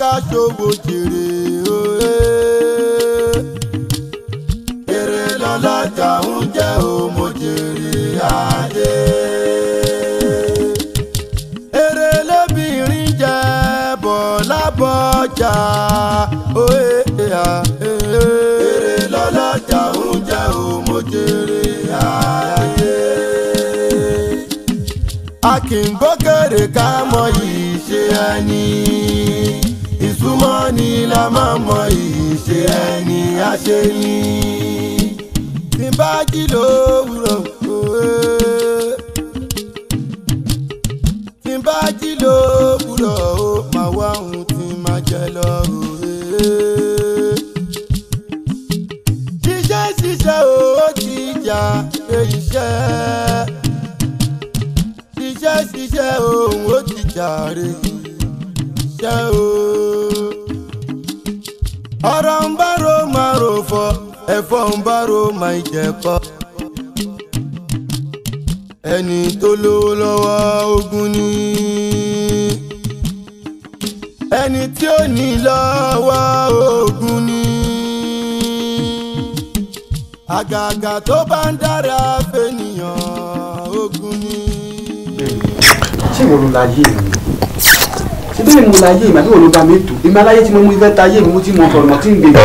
ká ṣòwò jèrè òye. èrè lọ́lọ́jà ń jẹ́ òmò jèrè ayé. èrè lóbìnrin jẹ́ bọ̀lábọ̀jà òye. èrè lọ́lọ́jà ń jẹ́ òmò jèrè ayé. a kì í gbókèrè ká mọ ìṣe ẹni mọ́ ni la máa mọ ìṣe ẹni àṣẹ ni. bí bá láyé mi síbẹ̀ mi mo láyé mi àbí olùgbà mi tù èmi aláyé tí mo mú ifẹ́ táyé mi mo ti mọ ọ̀rọ̀ mọ́ tí ń gbé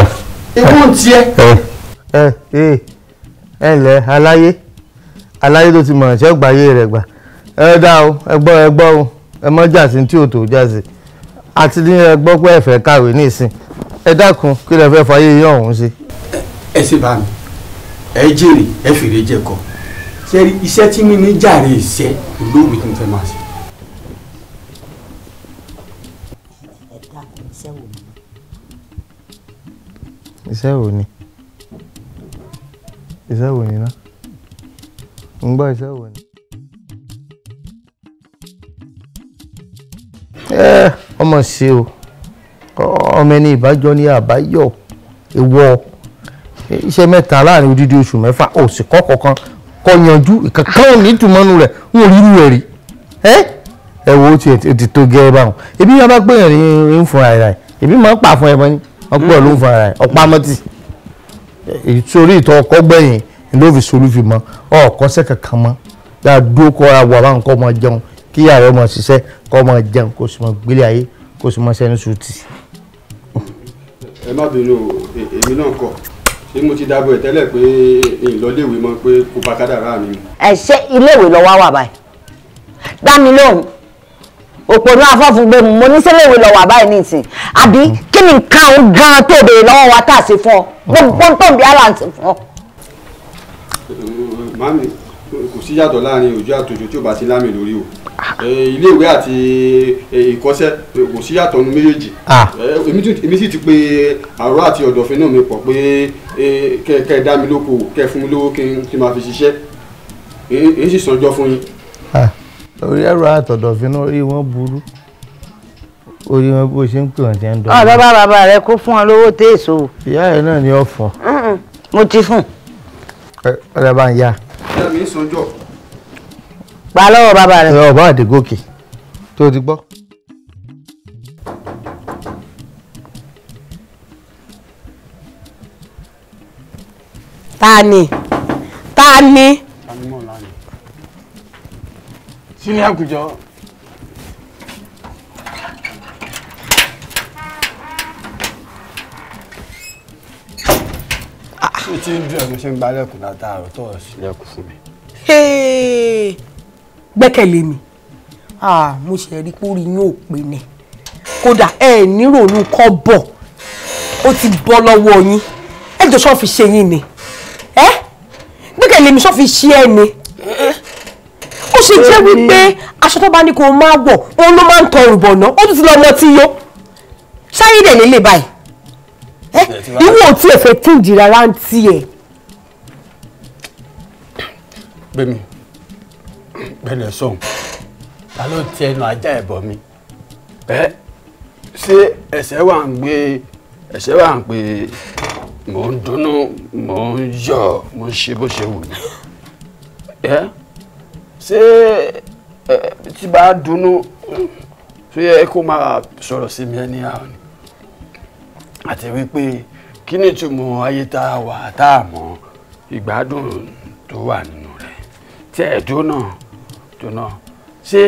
ewu eh. ń tiẹ́. ẹ ẹ ẹ ǹlẹ́ aláyé aláyé tó ti mọ̀ ọ̀ṣẹ́ gbàyé rẹ̀ gbà ẹ dá o ẹ gbọ́ ẹ gbọ́ o ẹ mọ́ jàsí tí ò tó jàsí àti ní ẹ gbọ́ pé ẹ fẹ́ kàwé nísìn ẹ dákun kí lẹ fẹ́ fàyè yín ọ̀hún sí. ẹ ṣe bá mi ẹ jèrè ẹ fèrè jẹ ṣe iṣẹ́ tí mi ní jàre iṣẹ́ olóògbé tí mo fẹ́ máa ṣe. Iṣẹ́ wo ni? Iṣẹ́ wo ni ná? Mo ń gbọ́ iṣẹ́ wo ni? Ẹ́ eh, ọmọ ṣe o, ọmọ ẹni ìbájọ ní àbáyọ̀ ewọ́ iṣẹ́ mẹ́ta láàrin odidi oṣù mẹ́fà ò sì kọ́ kọ̀ọ̀kan kọ́ yanjú ìkankan ò ní ìtumọ̀nù rẹ̀ ń rí irú ẹ̀ rí ẹ́ ẹ̀ wo ti tó gẹ́ báwọn ebi yàrá gbẹ̀yìn ń fún ara ẹ̀ ebi máa ń pa fún ẹ̀ mọ́ ni ọpọ ló ń fa ara ẹ ọpá mọ́tì sórí ìtọ́ ọkọ gbẹ̀yìn ló fi solú fi mọ ọkọ sẹ́kẹ̀ kan mọ́ dáa dúró kọ́ ara wà báwọn kọ́ máa jẹun kí ìyá rẹ̀ máa ṣiṣẹ́ kọ́ máa jẹun kó sì máa gbélé ayé kó sì máa sẹ́nu sùtì. ẹ má bínú e-, èmi náà kọ ṣé mo ti dábọ̀ ẹ̀ tẹ́lẹ̀ pé ìlọléèwé mọ́ pé kò bá kádàrá mi. ẹ ṣe iléèwé lọ wá wà báyìí dá mi lóhùn òpònú afọ́fúngbé mo ní sílé ìwé lọ́wọ́ àbáyé ní ìsìn àbí mm. kí ni nǹkan òun gan tó béèrè lọ́wọ́ wa tá a ṣe fún ọ gbogbo tó mm. ń bí ara ń fún ọ. Eh, mami kò sí yàtọ̀ láàrin òjò àtòjò tí ò bá ti lámì lórí o ah. eh, iléèwé àti eh, ìkọ́ṣẹ́ kò sí yàtọ̀ nu méjèèjì ah. èmi sì ti pe àrò àti ọ̀dọ̀fin náà mi pọ̀ pé kẹ́ ẹ dá mi lóko kẹ́ ẹ fún mi lówó kí n máa fi ṣiṣẹ́ èyí sì sanjọ́ fún yín orí ẹ̀rọ àtọ̀dọ̀fin orí wọn burú orí wọn bó ṣe ń pè wọn ti ń dọ́gba. ọ̀dọ́ ah, bá bàbá rẹ kó fún ọ lówó tẹ èso. ìyá rẹ náà ni ó fún. mo ti fún. ọ̀rẹ́ bá ń yá. ìyá mi ń sọjọ́. pa lọ́wọ́ bàbá rẹ. ìyá ọba àdégòkè tó ti gbọ́. ta ni ta ni kí ni àkùjọ. ó ti ń dùn ẹ̀ ló ṣe ń gbálẹ̀kùn látàárọ̀ tó ọ̀ sílẹ̀kùn fún mi. gbẹ́kẹ̀lé mi ah, mo ṣe rí pé orí yóò pè ní kódà ẹ nírònú kọ́ bọ̀ ó ti bọ́ lọ́wọ́ yín ẹ jọ sọ́ọ́ fi ṣe yín ni ṣe jẹ́ wípé aṣọ tó bá ní kó máa wọ̀ òun ló máa ń tọ òrùbọ̀ náà ó tún ti lọ ọmọ tí yó ṣáyé dẹ̀ nílé báyìí ìwọ ò tiẹ̀ fẹ́ tí ìjì rárá ń tiẹ̀. bẹ́ẹ̀ni bẹ́ẹ̀ sọ̀hún ta ló ti ẹnu ajá ẹ̀bọ̀ mi ẹ ṣé ẹsẹ̀ wà ń gbé ẹsẹ̀ wà ń pè mò ń dunnú mò ń yọ̀ mò ń ṣe bó ṣe wù mí se ẹ tí bá dunnú ṣé yẹ kó máa sọ̀rọ̀ sí mi ẹni àwọn ni àti wípé kí ni ìtumọ̀ ayé tá a wà tá a mọ̀ ìgbádùn tó wà nínú rẹ̀ tí ẹ̀ dúnà dúnà ṣé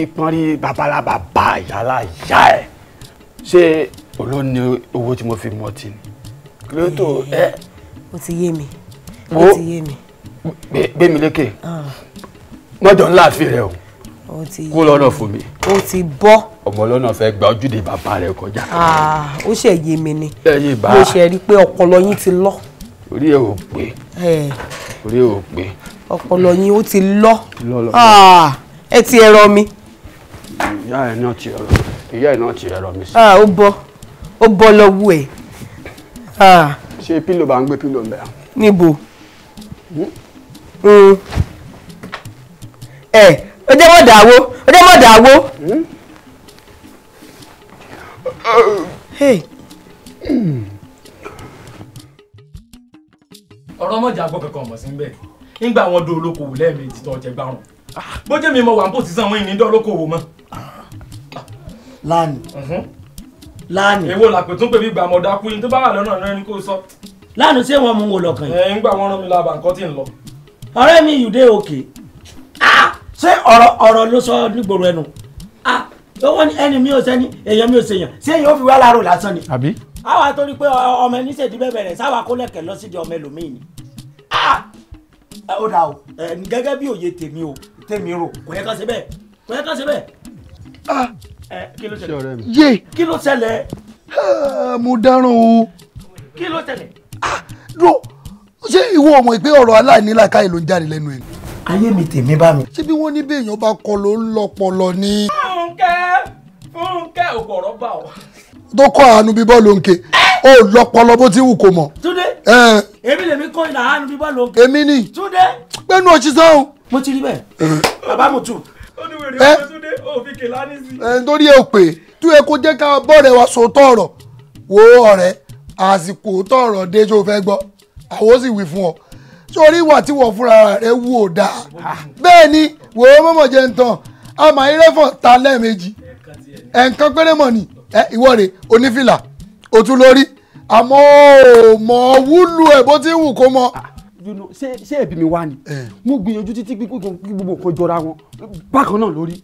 ìpọ́nrí babalábà bá ìyálà ìyá ẹ̀ ṣé olóòní owó tí mo fi mọ́ ni kí ló tó ti yé mi ó ti yé mi gbẹmí lékè mọ́jọ ńlá fi rẹ o kó lọ́nà fún mi. o ti bọ́. ọmọ lọ́nà fẹ́ gba ojúde bàbá rẹ kọjá. ó ṣe yé mi ni mo ṣe rí i pé ọpọlọ yín ti lọ. orí ẹ ò pé orí ẹ ò pé. ọpọlọ yín ó ti lọ ẹ ti ẹ̀rọ mi. ìyá ẹ náà ti ẹ̀rọ ìyá ẹ náà ti ẹ̀rọ mi ó bọ́ ó bọ́ lọ́wọ́ ẹ̀. ṣé pílò bá ń gbé pílò ń bẹ̀. níbo. Hmm? ẹ ọjọ́ mọ̀ dàwó ọjọ́ mọ̀ ọ̀rọ̀ mọ̀jà kankan mọ̀ sí ń bẹ̀ nígbà wọn dó olókoòwò lẹ́ẹ̀mejì tó ọjẹ́ gbárùn bójú mi mọ wà ń pòsí sanwó ìní dán mọ́. lánìí mhm. lánìí. èwo làpè tún pè mí gbàmọ̀dá kú yín tó bá wà lọ́nà náà ni kò sọ. yìí. Eh, ń gbà rán ọ̀rẹ́ mi you dey okay ah, ṣé ọ̀rọ̀ ọ̀rọ̀ ló sọ nígboro ẹnu owó ah, ni ẹni mi ò sẹ́ni èèyàn mi ò sèèyàn ṣé èèyàn ó fi wá láàárọ̀ lásán ni. àbí. àwa torí pé ọmọ ẹni ṣèdí bẹ́ẹ̀ rẹ̀ sáwà kó lẹ̀kẹ̀ lọ sídìí ọmọ ẹlòmíì ni. Ah, ó dà o gẹ́gẹ́ bí òye tèmi o tèmi rò kò yẹ ká ṣe bẹ́ẹ̀ kò yẹ ká ṣe bẹ́ẹ̀. kí ló ṣẹlẹ̀ yé kí ló ṣẹlẹ̀. mo dáràn o. kí ló ṣẹlẹ̀ ṣé ìwọ ọmọ ìpè ọ̀rọ̀ aláìnílàkàyè ló ń jáde lẹ́nu ẹ̀. ayé mi tèmi bá mi. ṣé bí wọ́n ní béèyàn bá kọ ló ń lọpọlọ ni. fúnkẹ́ fúnkẹ́ ògbọ̀rọ̀ bá wa. tó kọ́ àánú bíbọ́ ló ń ké ó lọpọlọ bó ti wù kó mọ̀. túnde èmi lèmi kọ́ ìlà àánú bíbọ́ ló ń ké. èmi ni túnde. gbẹ́nu òṣìṣẹ́ o. mo ti rí bẹ́ẹ̀ bàbá mo tù. ó ní wèrè ọmọ túnde ó fi kèlá ní sí. ẹ ẹ ò jẹ́ ká bọ́ọ̀rẹ̀ wa sòótọ́ ọ̀rọ̀ wo ọ̀rẹ́ àsìkò tọ̀rọ̀ dé tó fẹ́ gbọ́ àwọn ó sì wí fún ọ sórí ìwà tí wọ́n fúnra rẹ̀ wù ó dáa bẹ́ẹ̀ ni wò ó mọ̀mọ̀ jẹ́ ń tán àmọ́ irẹ́fọ̀ ta lẹ́ẹ̀mejì ẹ̀ǹkan péré mọ̀ ni ìwọ rẹ̀ onífìlà òtún lórí àmọ́ ò mọ̀ wúlò ẹ̀ bó ti wù kó mọ̀ ah, ṣé ẹbí mi wá ni mo gbìyànjú títí gbogbo nǹkan jọra wọn bákan náà lórí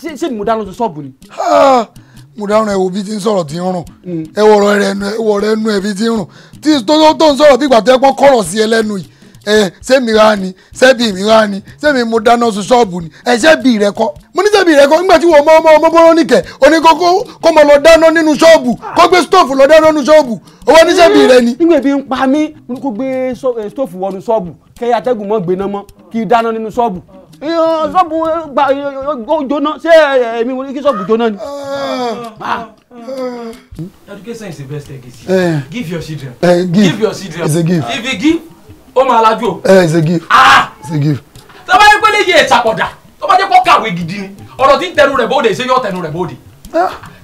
ṣé mo dáná sun ṣọ́ọ̀bù ni mo dáhùn ẹ wo bí ti ń sọ̀rọ̀ ti ń rùn mm. ẹ wọ̀ rẹ nu ẹ wọ̀ ọ̀rọ̀ ẹnu ẹ fi ti ń rùn tí tó tó ń sọ̀rọ̀ bí ìgbà tó ẹ pọ́n kọ̀rọ̀ sí ẹ lẹ́nu yìí ẹ sẹ́mi ra ni sẹ́bi mi ra ni sẹ́mi mo dáná sun ṣọ́ọ̀bù ni ẹ sẹ́bi rẹ kọ́ mo ní sẹ́bi rẹ kọ́ nígbà tí wọ́n mọ ọmọ ọmọ bọ́rọ́ nìkẹ́ oníkókó kó mo lọ dáná nínú ṣọ́ọ̀bù kó gbé stóòfù lọ dáná nínú ṣọ́ọ̀bù owó ní sẹ́bi rẹ ni. nígbà ebi ń pa mí kó gbé stóòfù wọnú ṣọ́ọ̀bù kẹ́yà atẹ́gùn mọ́ gbéná mọ́ kí dáná nínú ṣọ́ọ̀bù ṣọ́ọ̀bù gba jóná ṣé èmi wọlé kí ṣọ́ọ̀bù jóná ni. Ah. Ah. education is the best legacy. Eh. give your children. Eh, give your children. if you give ó máa lajú eh, it's a gift. Ah. it's a gift. tó yẹ pé léyìí ẹ̀ ṣàpọ̀dà tó jẹ́ kó kàwé gidi ni ọ̀rọ̀ tí ń tẹnu rẹ̀ bóde ṣé yóò tẹnu rẹ̀ bóde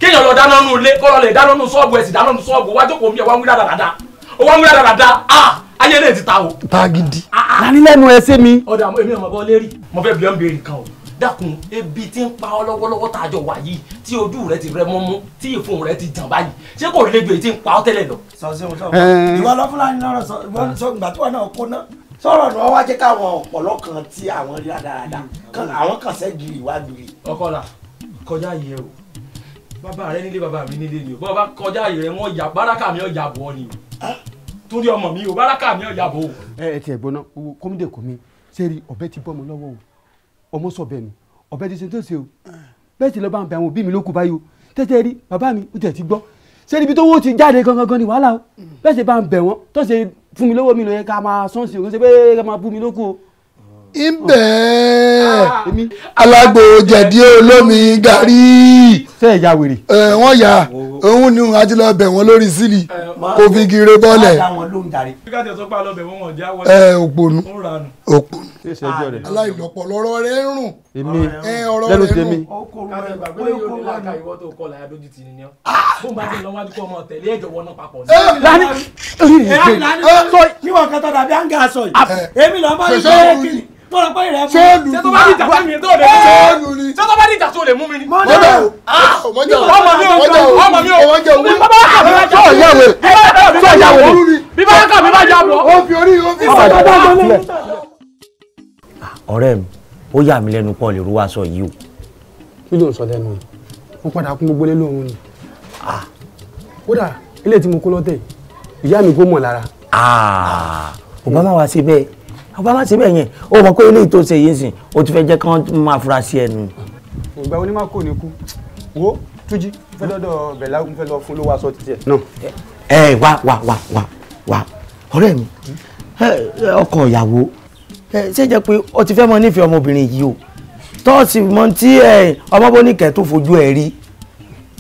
kéèyàn lọ dáná nù ilé kó lè dáná nù ṣọ́ọ̀bù ẹ̀ dáná nù ṣọ́ọ̀bù wájú kò mí ẹ̀ wá ń wí dáadáa ó wá ń wí dáadáa ayé lè ti ta o. bagidi lani ah, ah. lẹnu ẹsẹ mi. ọ̀dà èmi ọmọ bọ́ lérí mo fẹ́ bí ọ́n béèrè kan o dákun ebi tí ń pa ọ́ lọ́wọ́lọ́wọ́ tá a jọ wà yìí tí ojú rẹ ti rẹ mọ́mú tí ìfun rẹ ti jàn báyìí ṣé kò lè ju èyí tí ń pa ọ́ tẹ́lẹ̀ lọ. sọ̀sẹ̀ òun sọ ìwọ lọ fúlàní lọ́rọ̀ sọ ìgbà tí wọn náà sọ̀rọ̀ ni wọ́n wá jẹ́ káwọn ọ̀pọ̀lọ́ kan tí àwọn rí dáadáa kan àwọn kan sẹ́gi ìwádìí. ọkọlá kọjá yìí o bàbá rẹ nílé bàbá mi nílé ni o bọ́ọ̀ bá kọjá yìí rẹ wọ́n yà bárakà mi ọ̀ yà bọ́ ni o torí ọmọ mi o báraka mi ò yàbò o. ẹ ẹ tiẹ̀ gbọ́ná owó kọ́mídé kò mí sẹ́ẹ̀rì ọ̀bẹ ti bọ́ ọmọ lọ́wọ́ o ọmọ sọ bẹ́ẹ̀ ni ọ̀bẹ ti ṣe tó ṣe o bẹ́ẹ̀ ti lọ bá ń bẹ àwọn òbí mi ló kú báyìí o tẹ́tẹ́ rí bàbá mi ó tẹ̀ ti gbọ́ sẹ́ẹ̀rì ibi tó wó ti jáde gangan ni wàhálà o bẹ́ẹ̀ ṣe bá ń bẹ̀ wọ́n tó ṣe fún mi lọ́wọ́ mi ló yẹ ká máa sọ́n sí o kó ṣe pé ká máa bú mi lóko o. ń bẹ́ẹ̀ ah. alágbò jẹ̀dí olómi gàrí ṣé ẹ ya wèrè. ẹ wọ́n ya òun ni a ti lọ bẹ̀ wọ́n lórí sílì kò fi gire bọ́ọ̀lẹ̀. ẹ òpònú òpònú ah, aláìlọ́pọ̀ lọ́rọ̀ rẹ̀ ń rùn. èmi lẹ́nu tèmi. Ah! Eh! lani eh, eh! sọ ìwọ̀n kan tó dàbí àǹgà sọ yìí èmi lọ́ọ́ bá yẹ kí ni tọ́lọ pé ìrẹ́ fún mi ṣé tó bá di ìjà tó mi tó lè mú mi ṣé tó bá di ìjà tó lè mú mi ni. mọ́jọ́ o mọ́jọ́ o mọ́jọ́ o ọmọ mi o ọmọ mi o bàbá kà mí bá jà bọ̀ yàwé sọ yàwé bí bàbá kà mí bá jà bọ̀. o fi orí o fi orí. ọ̀rẹ́ mi ó yà mí lẹ́nu pọ́ọ̀lì ruwa sọ yìí o. kí ló ń sọ lẹ́nu wọn padà kún gbogbo lé lóhun ni kódà ilé tí mo kó lọ́tẹ̀ ìyá mi kò mọ̀ lára. ò bá má wá sí bẹ́ẹ̀ ọba má síbẹ̀ yẹn ó mọ̀ pé ilé ìtòsẹ̀ yìí sìn ó ti fẹ́ jẹ́ kán máa fura sí ẹnu. ìgbà wo ni má kò ní kú wo túnjí fẹ́ lọ́dọ̀ bẹ̀lá ń fẹ́ lọ fún lówó aṣọ títí ẹ̀. ẹ wá wá wá wá wá ọ̀rẹ́ mi ọkọ ìyàwó ṣé jẹ́ pé ó ti fẹ́ mọ nífẹ̀ẹ́ ọmọbìnrin yìí o tọ́ọ̀sì mọ tí ọmọbóníkẹ́ tó fojú ẹ̀ rí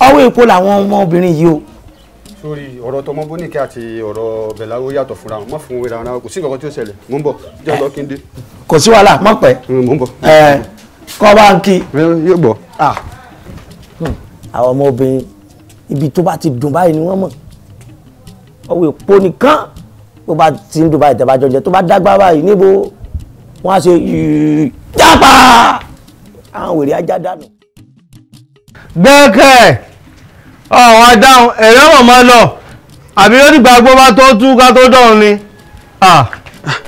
ọwọ́ èpo làwọn ọmọbìnrin yìí o sórí ọ̀rọ̀ tọmọ bóníkẹ́ àti ọ̀rọ̀ bẹ̀láwó yàtọ̀ fúnra wọn má fún wẹ̀rẹ̀ ara wọn kò sí nǹkan tí ó ṣẹlẹ̀ mò ń bọ̀ jẹ́ ọ̀dọ́ kí n dé. kò sí wàhálà mọ̀ pẹ́ hm, kọ́ bá ń kí. yóò gbọ́. àwọn ọmọbìnrin ibi tó bá ti dùn báyìí ni wọ́n mọ̀ ọwọ́ èpo nìkan tó bá ti ń dùn báyìí tẹ̀bájọ jẹ tó bá dágbà báyìí níbo wọ́n á ṣe jápa ọ̀wọ́n adáhùn ẹ̀rọ mọ̀ máa lọ àbí ó dìgbà gbọ́ bá tó tú ká tó dọ̀run ni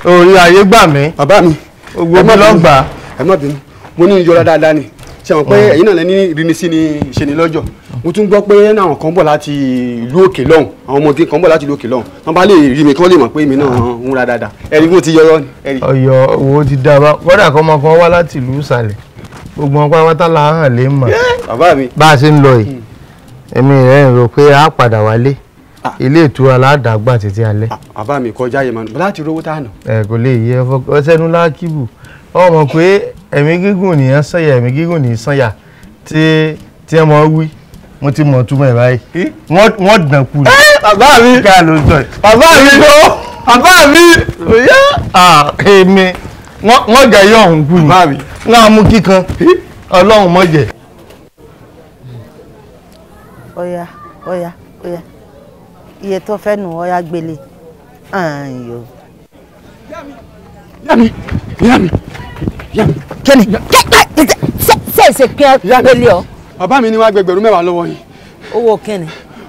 orí ayé gbà mí. bàbá mi gbogbo lọ gbà. ẹ má bínú mo ní ìjọra dáadáa ni ṣe mọ̀ pé ẹ̀yin náà ní ìrínisí ni ìṣenilọ́jọ́ mo tún gbọ́ pé àwọn kan bọ̀ láti ìlú òkè lọ́hùn àwọn ọmọdé kan bọ̀ láti ìlú òkè lọ́hùn wọn bá lè rí mi kí wọ́n lè mọ̀ pé èmi náà ń ra dáadáa ẹ̀rí wọn ti yọyọ ni. ọyọ owó ti dá wa kódà kọ́mọ kan wá láti ìlú bá a ṣe ń lọ yìí èmi rẹ̀ ń rò pé a padà wálé ilé ìtura ládàgbà títí alẹ́. àbá mi kọjá yẹn mọ láti rówó tá a nà. ẹ kò lè yẹ ọsẹnu lákìbù ọmọ pé ẹ̀mí gígùn nìyẹn sànyà ẹ̀mí gígùn nìyẹn sànyà tí tí ẹ mọ wí mo ti mọ túmọ̀ ẹ̀ báyìí wọ́n dàn kú ni. bàbá mi ká ló sọ ẹ. bàbá mi lọ bàbá mi. bóyá èmi wọ́n jẹ́ yọ̀ ọ̀hún kú ni wọ́n á mú kíkan ọlọ́run mọ̀jẹ̀ ọ̀yà ọ̀yà ọ̀yà iye tó fẹ́ nù ọ̀yà gbélé ààyò. yá mi yá mi yá mi. kí ni ṣe ṣe kí ẹ gbélé ọ. bàbá mi ni wàá gbẹgbẹ̀rún mẹ́wàá lọ́wọ́ yìí. owó kí ni.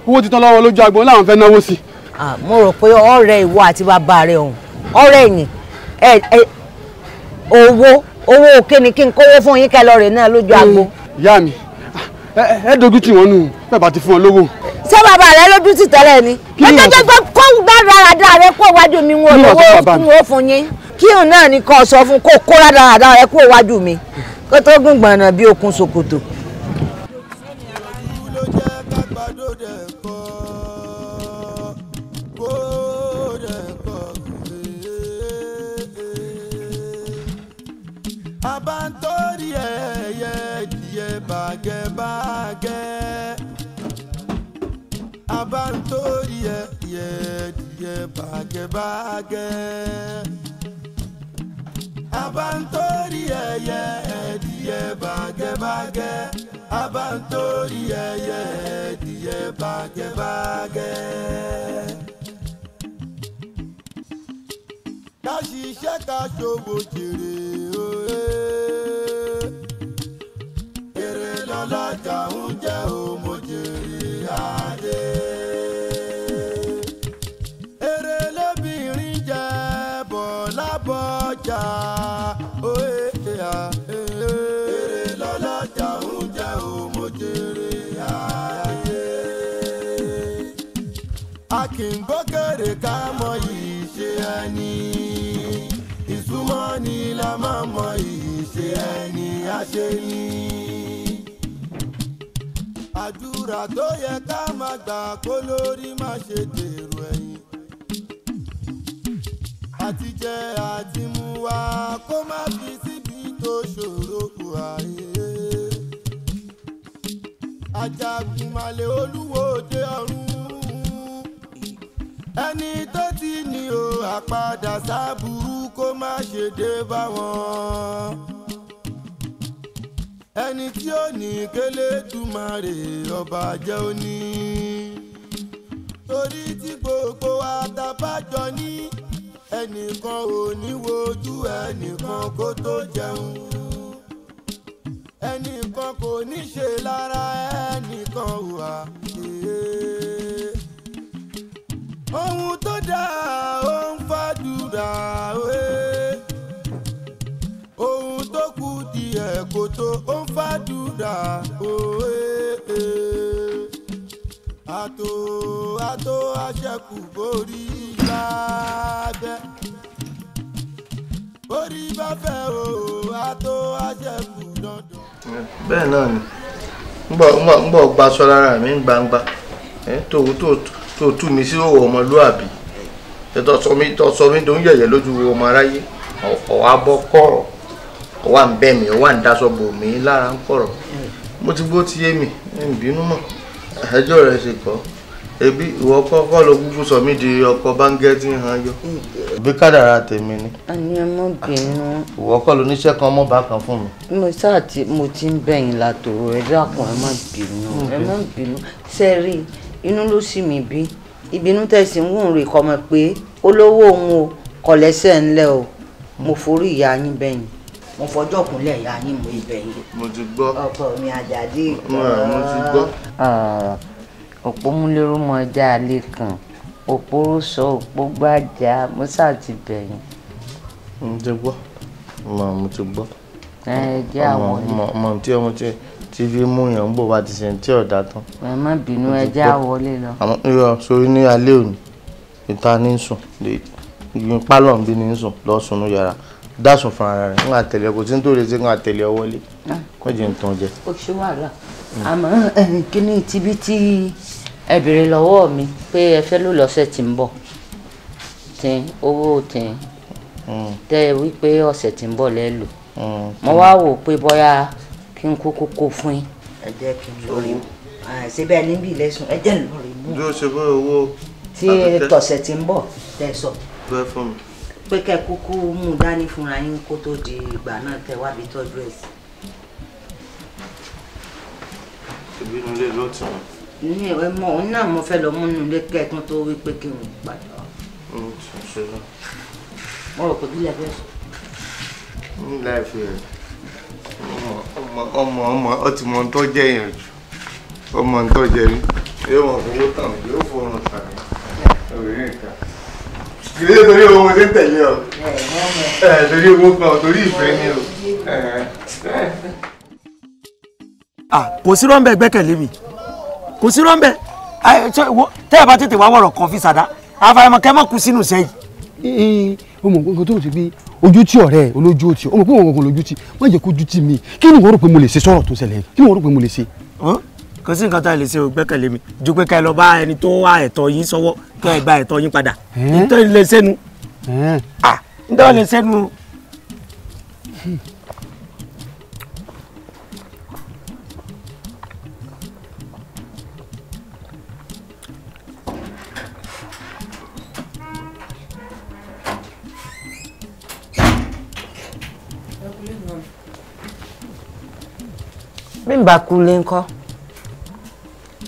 owó ti tán lọ́wọ́ lójú agbọn láwọn fẹ́ náwó sí. mo rò pé ọ̀rẹ́ ìwọ àti bàbá rẹ ọ̀hún ọ̀rẹ́ ẹ̀yìn owó owó kí ni kí n kówó fún yín kẹ́ náà lójú agbọn. ìyá mi ẹ dojú tì wọ́n nù bẹ́ẹ̀ bá ti fún wọn lówó. ṣé bàbá rẹ lójú tì tẹ́lẹ̀ ni. kí ni wàá sọ kó ń gbá dáradára rẹ kó wájú mi wọn lówó ni ó fún yín kí òun náà ní kó sọ fún kó kó dáradára rẹ kó wájú mi kó tó gùn gbọ̀nà bí okùn ṣòkòtò. bàgẹ́bàgẹ́ abantori yẹ yẹ yẹ bàgẹ́bàgẹ́ abantori yẹ yẹ yẹ bàgẹ́bàgẹ́ abantori yẹ yẹ yẹ bàgẹ́bàgẹ́. ká ṣiṣẹ́ ká ṣòwò jèrè ooo alájà oúnjẹ o mo jèrè adé. èrè lébìnrin jẹ bọ̀ lábọ́jà òye ìyá. èrè lọ́lájà oúnjẹ o mo ká mọ yìí ṣe ẹni ìsúmọ́ la máa mọ yìí ṣe ẹni àṣeyìn àdúrà tó yẹ ká máa gbà kó lórí má ṣe dèrò ẹ̀yìn àtijẹ àtimu wa kó má fi síbi tó ṣòro kù àyè ajagunmalè olúwòde ọ̀run ẹni tó ti ní o àpadà sábúrú kó má ṣe dé bá ẹni tí ó ní k'Elédùmarè ọba jẹ́ òní torí tí gbogbo wa tá bá jọ ní ẹnìkan ò ní wojú ẹnìkan kó tó jẹun ẹnìkan kò ní ṣe lára ẹnìkan wà ohun tó dáa ó ń fàdúrà ó ṣàkóso ó ń fàdúrà òwe. E. àtò àtò àṣẹkù borí bá bẹ́ borí bá fẹ́ o àtò àṣẹkù dandan. bẹ́ẹ̀ náà ni ń bọ̀ gbaṣọ lára mi gbangba tó tú mi sí òwò ọmọlúàbí tọ́sọ mi tó ń yẹ̀yẹ́ lójú ọmọ aráyé ọ̀wá bọ́ kọ̀rọ̀ ó wà ń bẹ́ mi ó wà ń daṣọ bò mí lára ń pọ̀rọ̀ mo ti gbó ti yé mi ń bínú mọ̀ ẹjọ́ rẹ̀ ṣe kọ́ ebi ìwọ kọ́kọ́ ló kúkú sọ mí di ọkọ báńgẹ́tì hàn yọ. bí kádàrá tèmi ni. àní ẹ mọ bínú. ìwọ kọ́ ló níṣẹ́ kan mọ́ bá kan fún mi. mo sáà tí mo ti ń bẹ̀yìn látòrò ẹ dákun ẹ má bínú ẹ má bínú sẹ́rí inú ló sì mí bí ìbínú tẹ̀sí ń wùn rè kọ́ pé olówó òun o kọ̀lẹ́sẹ̀ ńlẹ̀ o mo forí ìyá yín bẹ̀yìn mo fọjọ́ kúnlẹ̀ ìyá yín mo ibẹ̀ yìí. mo ti gbọ́ ọkọ mi àjàdí ìkọ́. mo ti gbọ́. òpómúlérú mọ ẹja alẹ kan òpóró sọ òpó gbájà musa ti bẹ̀yìn. mo ti gbọ́ mo mo ti gbọ́. ẹ jẹ́ àwọn ni. ọmọ tí ọmọ tí tí fi mú yàn ń bọ̀ wá ti sẹ́yìn tí ọ̀dà tán. ẹ má bínú ẹ jẹ́ àwọlé lọ. àmọ́ irọ́ sórí ní alẹ́ òní ìta ní sùn ìpálọ̀ ń bí ní sùn lọ́sùn yàrá dásun fún ara rẹ̀ ah. ń àtẹ̀lé ọkọ̀ tí ń tó retí ń àtẹ̀lé ọwọ́ lé kó jẹ́ ń tán jẹ. kò sí wàhálà mm. àmọ́ eh, kíní tibí tí ẹ béèrè lọ́wọ́ mi pé ẹ fẹ́ lò lọ́sẹ̀ tí ń bọ̀ tí owó tí mm. tẹ wípé ọ̀sẹ̀ tí ń bọ̀ lẹ́ lò mm. mo wá wò pé bóyá kí n kúkú kó fún yín. ẹ jẹ́ kí n lórí síbẹ̀ níbi ìlẹ́sùn ẹ jẹ́ lórí mú. bí o ṣe bọ́ owó. tí tọ̀sẹ̀ tí ń bọ̀ tẹ̀ sọ. bẹ́ẹ̀ fún mi pé kẹ́ kúkú mú dání fúnra yín kó tó di ìgbà náà tẹ́ wá bí tọ́jú ẹ̀ sí. ìbí inú ilé lọ́tún. ní ẹ mọ òun náà mo fẹ́ lọ mú inú ilé kẹ́ẹ̀kan tó wí pé kí n padà. mo rò pé kí lè fẹ́ sọ. ní láìfi rẹ ọmọ ọmọ ọmọ ọ ti mọ tó jẹ èèyàn jù ọmọ tó jẹ mí yóò mọ fowó tàn yóò fọrùn tàn mí kì í ṣe torí owó ṣe ń tẹ̀lé ọ torí owó kan torí ìfẹ́ ni o. kò sí rọ́ńbẹ́ gbẹ́kẹ̀lé mi kò sí rọ́ńbẹ́ tẹ́ ẹ bá tètè wá wọ̀rọ̀ kan fi ṣàdá àfàìmọ̀ kẹ́ mọ̀ kú sínú sẹ́yìn. o mọ̀ nǹkan tó ń ti gbé ojú tí ọ̀rẹ́ olójú ti o mọ̀ pé wọn kò lójú ti wọ́n jẹ́ kó ojú ti mi kí ni wọ́n rò pé mo lè ṣe sọ̀rọ̀ tó ṣẹlẹ̀ kí ni wọ́n rò pé mo lè ṣe kò sí nǹkan tá a lè ṣe ò gbẹ́kẹ̀lé mi ju pé ká ẹ lọ bá ẹni tó wá ẹ̀tọ́ yín sọ́wọ́ ká ẹ ah. gba ẹ̀tọ́ yín padà nítorí lè sẹ́nu nítorí ah, lè sẹ́nu. bí n bá kú lé ńkọ́.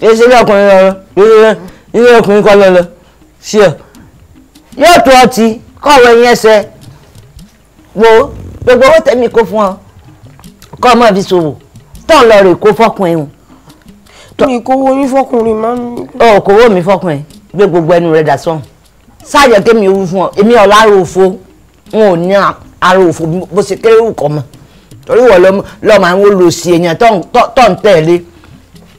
èsì ilé ọkùnrin lọ lọ ilé ọkùnrin kọ́ lọ lọ sí ọ yóò tó ọtí kọ̀wé yẹn ẹsẹ̀ wo gbogbo owó tẹ̀mí kó fún ọ kọ́ ọmọ fi ṣòwò tán lọ rè kó fọkùnrin o. mi kówó yín fọkùnrin máa ń. ọ kówó mi fọkùnrin gbé gbogbo ẹnu rẹ dà sọhùn sáàjẹ kémi owó fún ọ èmi ọ̀la ara òfo n ò ní ara òfo bó ṣe kéré òkọ mọ torí wọ́n lọ́ọ́ máa ń wó lo sí èèyàn tó ń tẹ̀lé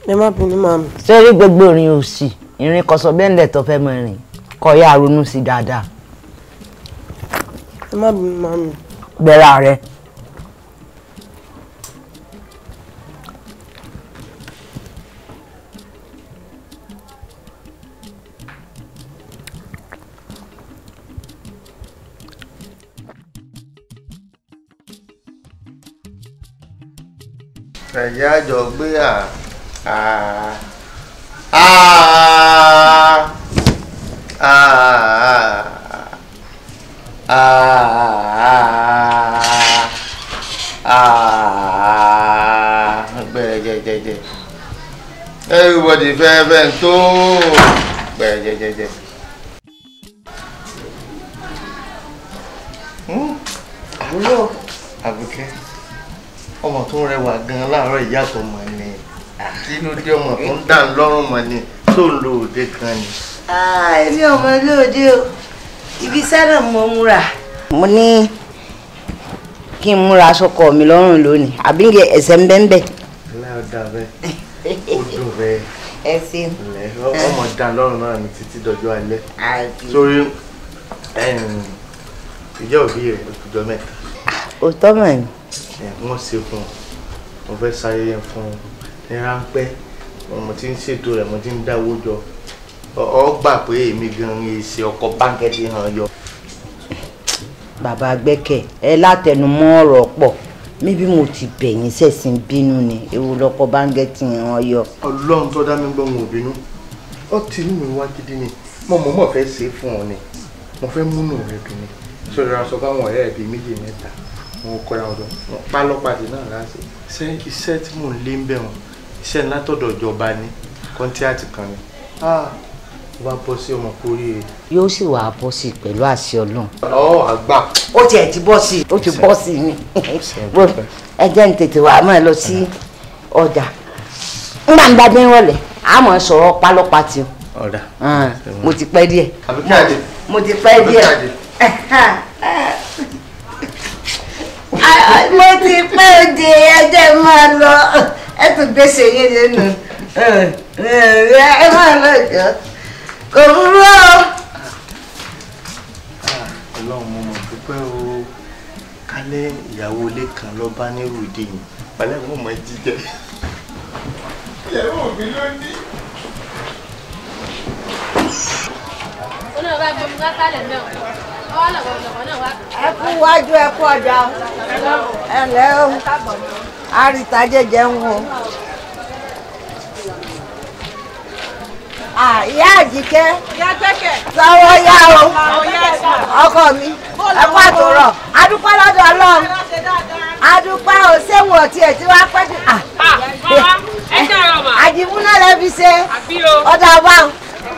ẹ má bínú màmí. sẹ́rí gbogbo ìrìn òsì ìrìn kọsọ bẹ́ńdẹ̀ tó fẹ́ mọ ìrìn kọ ya ronú sí dáadáa. ẹ má bínú màmí. bẹ́ra rẹ. ẹ̀yà àjọ gbé à ah ah ah ah ah gbẹrẹ jẹjẹjẹ everybody fẹ fẹ tó gbẹrẹ jẹjẹjẹ. Hmm? àbúrò àbùkẹ́ ọmọ tó rẹwà gan-an láàárọ̀ ìyá tó mọ̀ ni tinúdé ọmọ tó ń dà lọ́rùn mọ́ ni tó ń lo òde kan ni. Ah, èmi ọmọ lóde o ibi sẹ́nà mo múra. mo ní kí n múra sọkọ mi lọ́rùn lónìí àbí ń gẹ ẹsẹ̀ ń bẹ́ ń bẹ̀. aláàdá bẹ́ẹ̀ ó dùn bẹ́ẹ̀. ẹ ṣeun. ọmọ dà lọ́rùn náà ní títí dọjọ́ alẹ́ sórí ìjọ òbí rẹ̀ ó ti jọ mẹ́ta. Ah, òótọ́ mọ̀ ni. wọ́n ṣe fún un mo fẹ́ sáré yẹn fún un ní ráńpẹ́ mo ti ń ṣètò rẹ̀ mo ti ń dáwó jọ ọ gbà pé èmi gan-an èsì ọkọ̀ báńkẹ́tì hàn yọ. bàbá gbẹ́kẹ̀ ẹ látẹnumọ́ ọ̀rọ̀ pọ̀ mi bí mo ti bẹ̀yìn sẹ̀sìn bínú ni ewu lọ́kọ̀ báńkẹ́tì hàn yọ. ọlọ́run tó dá mi gbọ́ wọn ò bínú ó ti inú mi wá gidi ni mo mọ̀ mọ̀ fẹ́ ṣe é fún ọ ni mo fẹ́ múnú rẹ dùn ni sọ̀rọ̀ aṣọ báwọn ọ̀rẹ́ ẹ̀ bíi méjì mẹ́ta mo kọ́ra ọ̀dọ̀ pálọ́pàdé náà láti ṣe iṣẹ́ tí mò ń lé ń bẹ̀ iṣẹ́ ńlá tọ̀dọ̀ ìjọba ní kọ́ńtíátì kan ni wá ah, bọ́ sí ọmọ kórè rẹ̀. E. yóò sì wá bọ́ sí pẹ̀lú àṣẹ ọlọ́run. ọ àgbà. ó tiẹ̀ ti bọ́ sí i ó ti bọ́ sí i ni ẹ jẹ́ ní tètè wàá máa lọ sí ọjà nígbà ń gbadé ìrọ̀lẹ́ a máa sọ̀rọ̀ pálọ́pàá tí o. ọ̀dà ah, mo ti pẹ́ díẹ̀. mo ti pẹ́ díẹ̀. Ah, mo ti pẹ́ díẹ̀ ẹ jẹ́ máa lọ ẹ tún gbèsè yín nínú ẹ máa lọ jọ kò burú o. ọlọ́run mo mọ̀ dúpẹ́ o kálẹ̀ ìyàwó ilé kan ló bá nírú ìdí yìí pálẹ̀ mo mọ̀ jíjẹ ìyàwó mi ló ní ẹ kú wájú ẹ kú ọjà ẹ lẹ́ o àrìtà jẹjẹ ń wo. ìyá àjíkẹ́ sanwó yá o ọkọ mi ẹ kú àtòrọ̀ adúpẹ́ lọ́dọ̀ ọlọ́run adúpẹ́ o ṣéwọ̀n ọtí ẹ̀ tí wàá pẹ́ jù. Ah, àjìmúná lẹ́bi ṣe ọ̀dà báwọn.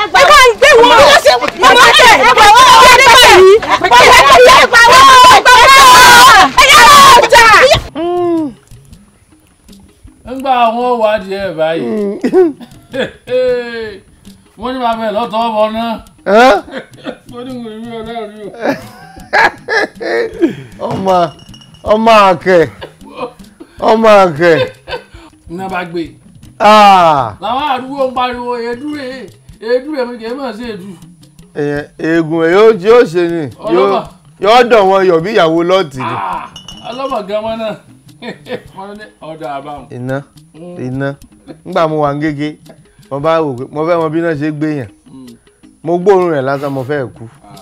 ẹ bá ń gbé wọn. màmá tẹ ẹ bá wọn ọ̀rọ̀ ẹni bá yìí. bàbá mi yẹ gbà wọ́n gbà wọ́n ẹ̀yà ọjà. nígbà wọn wádìí ẹ báyìí wọ́n ní bàbá ẹ lọ́tọ̀ ọmọ náà. wọ́n ní wòlíì ọ̀rẹ́ rí o. ọmọ ọmọ àkẹ ọmọ àkẹ. iná bá gbé. Ah. làwọn àdúgbò ń pariwo èédúró yìí. edu ẹ̀mí kì í edu. eegun eyo yóò ṣe ni ni. Ah, ọlọ́mọ gama náà wọ́n mm. ní mo ń gègé mo bá wò náà ṣe gbé mm. mo gbóòórùn rẹ̀ lásán mo fẹ́ kú ah.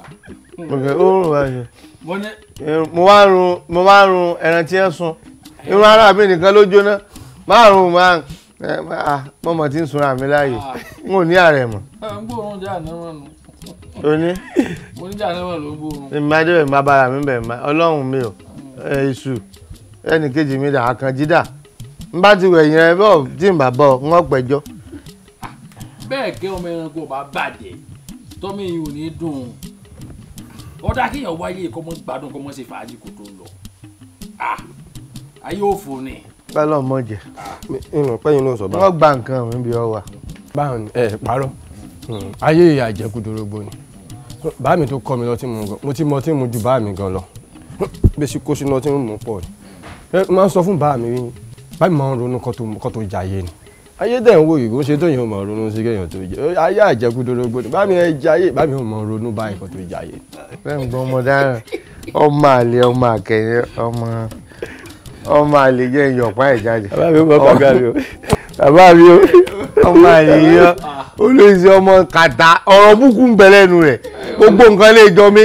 mo oorun wa mo run mo ẹran ti sun irun ara mi nikan ló márùn Ah, mọ́mọ́ tí ń sunra mi láàyè n ò ní ààrẹ mọ̀. n gbóòórùn jà ní wọn nù. o ní. mo ní jà ní wọn ló gbóòórùn. èmi máa débẹ̀ máa bára mi bẹ̀ máa ọlọ́run mi ò èṣù ẹnì kejì mi dà àkànjí dà n bá ti wẹ̀ yẹn bọ́ọ̀ tí n bá bọ̀ n ó pẹ̀jọ́. bẹ́ẹ̀ kí ọmọ ẹranko bá bàjẹ́ tọ́mí yìí ò ní dùn ọ̀dà kéèyàn wáyé kọ́mọ gbádùn kọ́mọ ṣe fàájì kò tó lọ ah, ayé òfò ni bálọ̀ mọ̀ jẹ́. ìmọ̀ pẹ́yìn náà sọ bá. wọ́n gba nǹkan mi bí ọ wà. báwo ni ẹ parọ́ ayé àjẹkùdórógbó ni bá mi tó kọ́ mi lọ tí mo gan mo ti mọ tí mo ju bá mi gan lọ bẹ́sí kó sínú ọtí mú pọ̀ ni ẹ máa ń sọ fún bá mi rí bá mi máa ń ronú kọ́ tó jayé ni ayé dẹ̀ ń wo ìgò ṣe tóyìn ò máa ronú sí kéèyàn tó jẹ ayé àjẹkùdórógbó ni bá mi ẹ jayé bá mi ò máa ronú báyìí kọ́ tó jayé. bẹ́ẹ̀ ń gbọ́ ọmọ dára ọmọ àlè ọmọ àkẹyẹ ọmọ ọmọ àlè jẹ́ ìyọ̀pá ẹ̀ jáde. bàbá mi ò bàbá mi ò bàbá mi ò. ọmọ àlè yọ olóyìnbó ọmọ kàtà ọ̀rọ̀ búkú ń bẹ lẹ́nu rẹ̀ gbogbo nǹkan lè jọ mi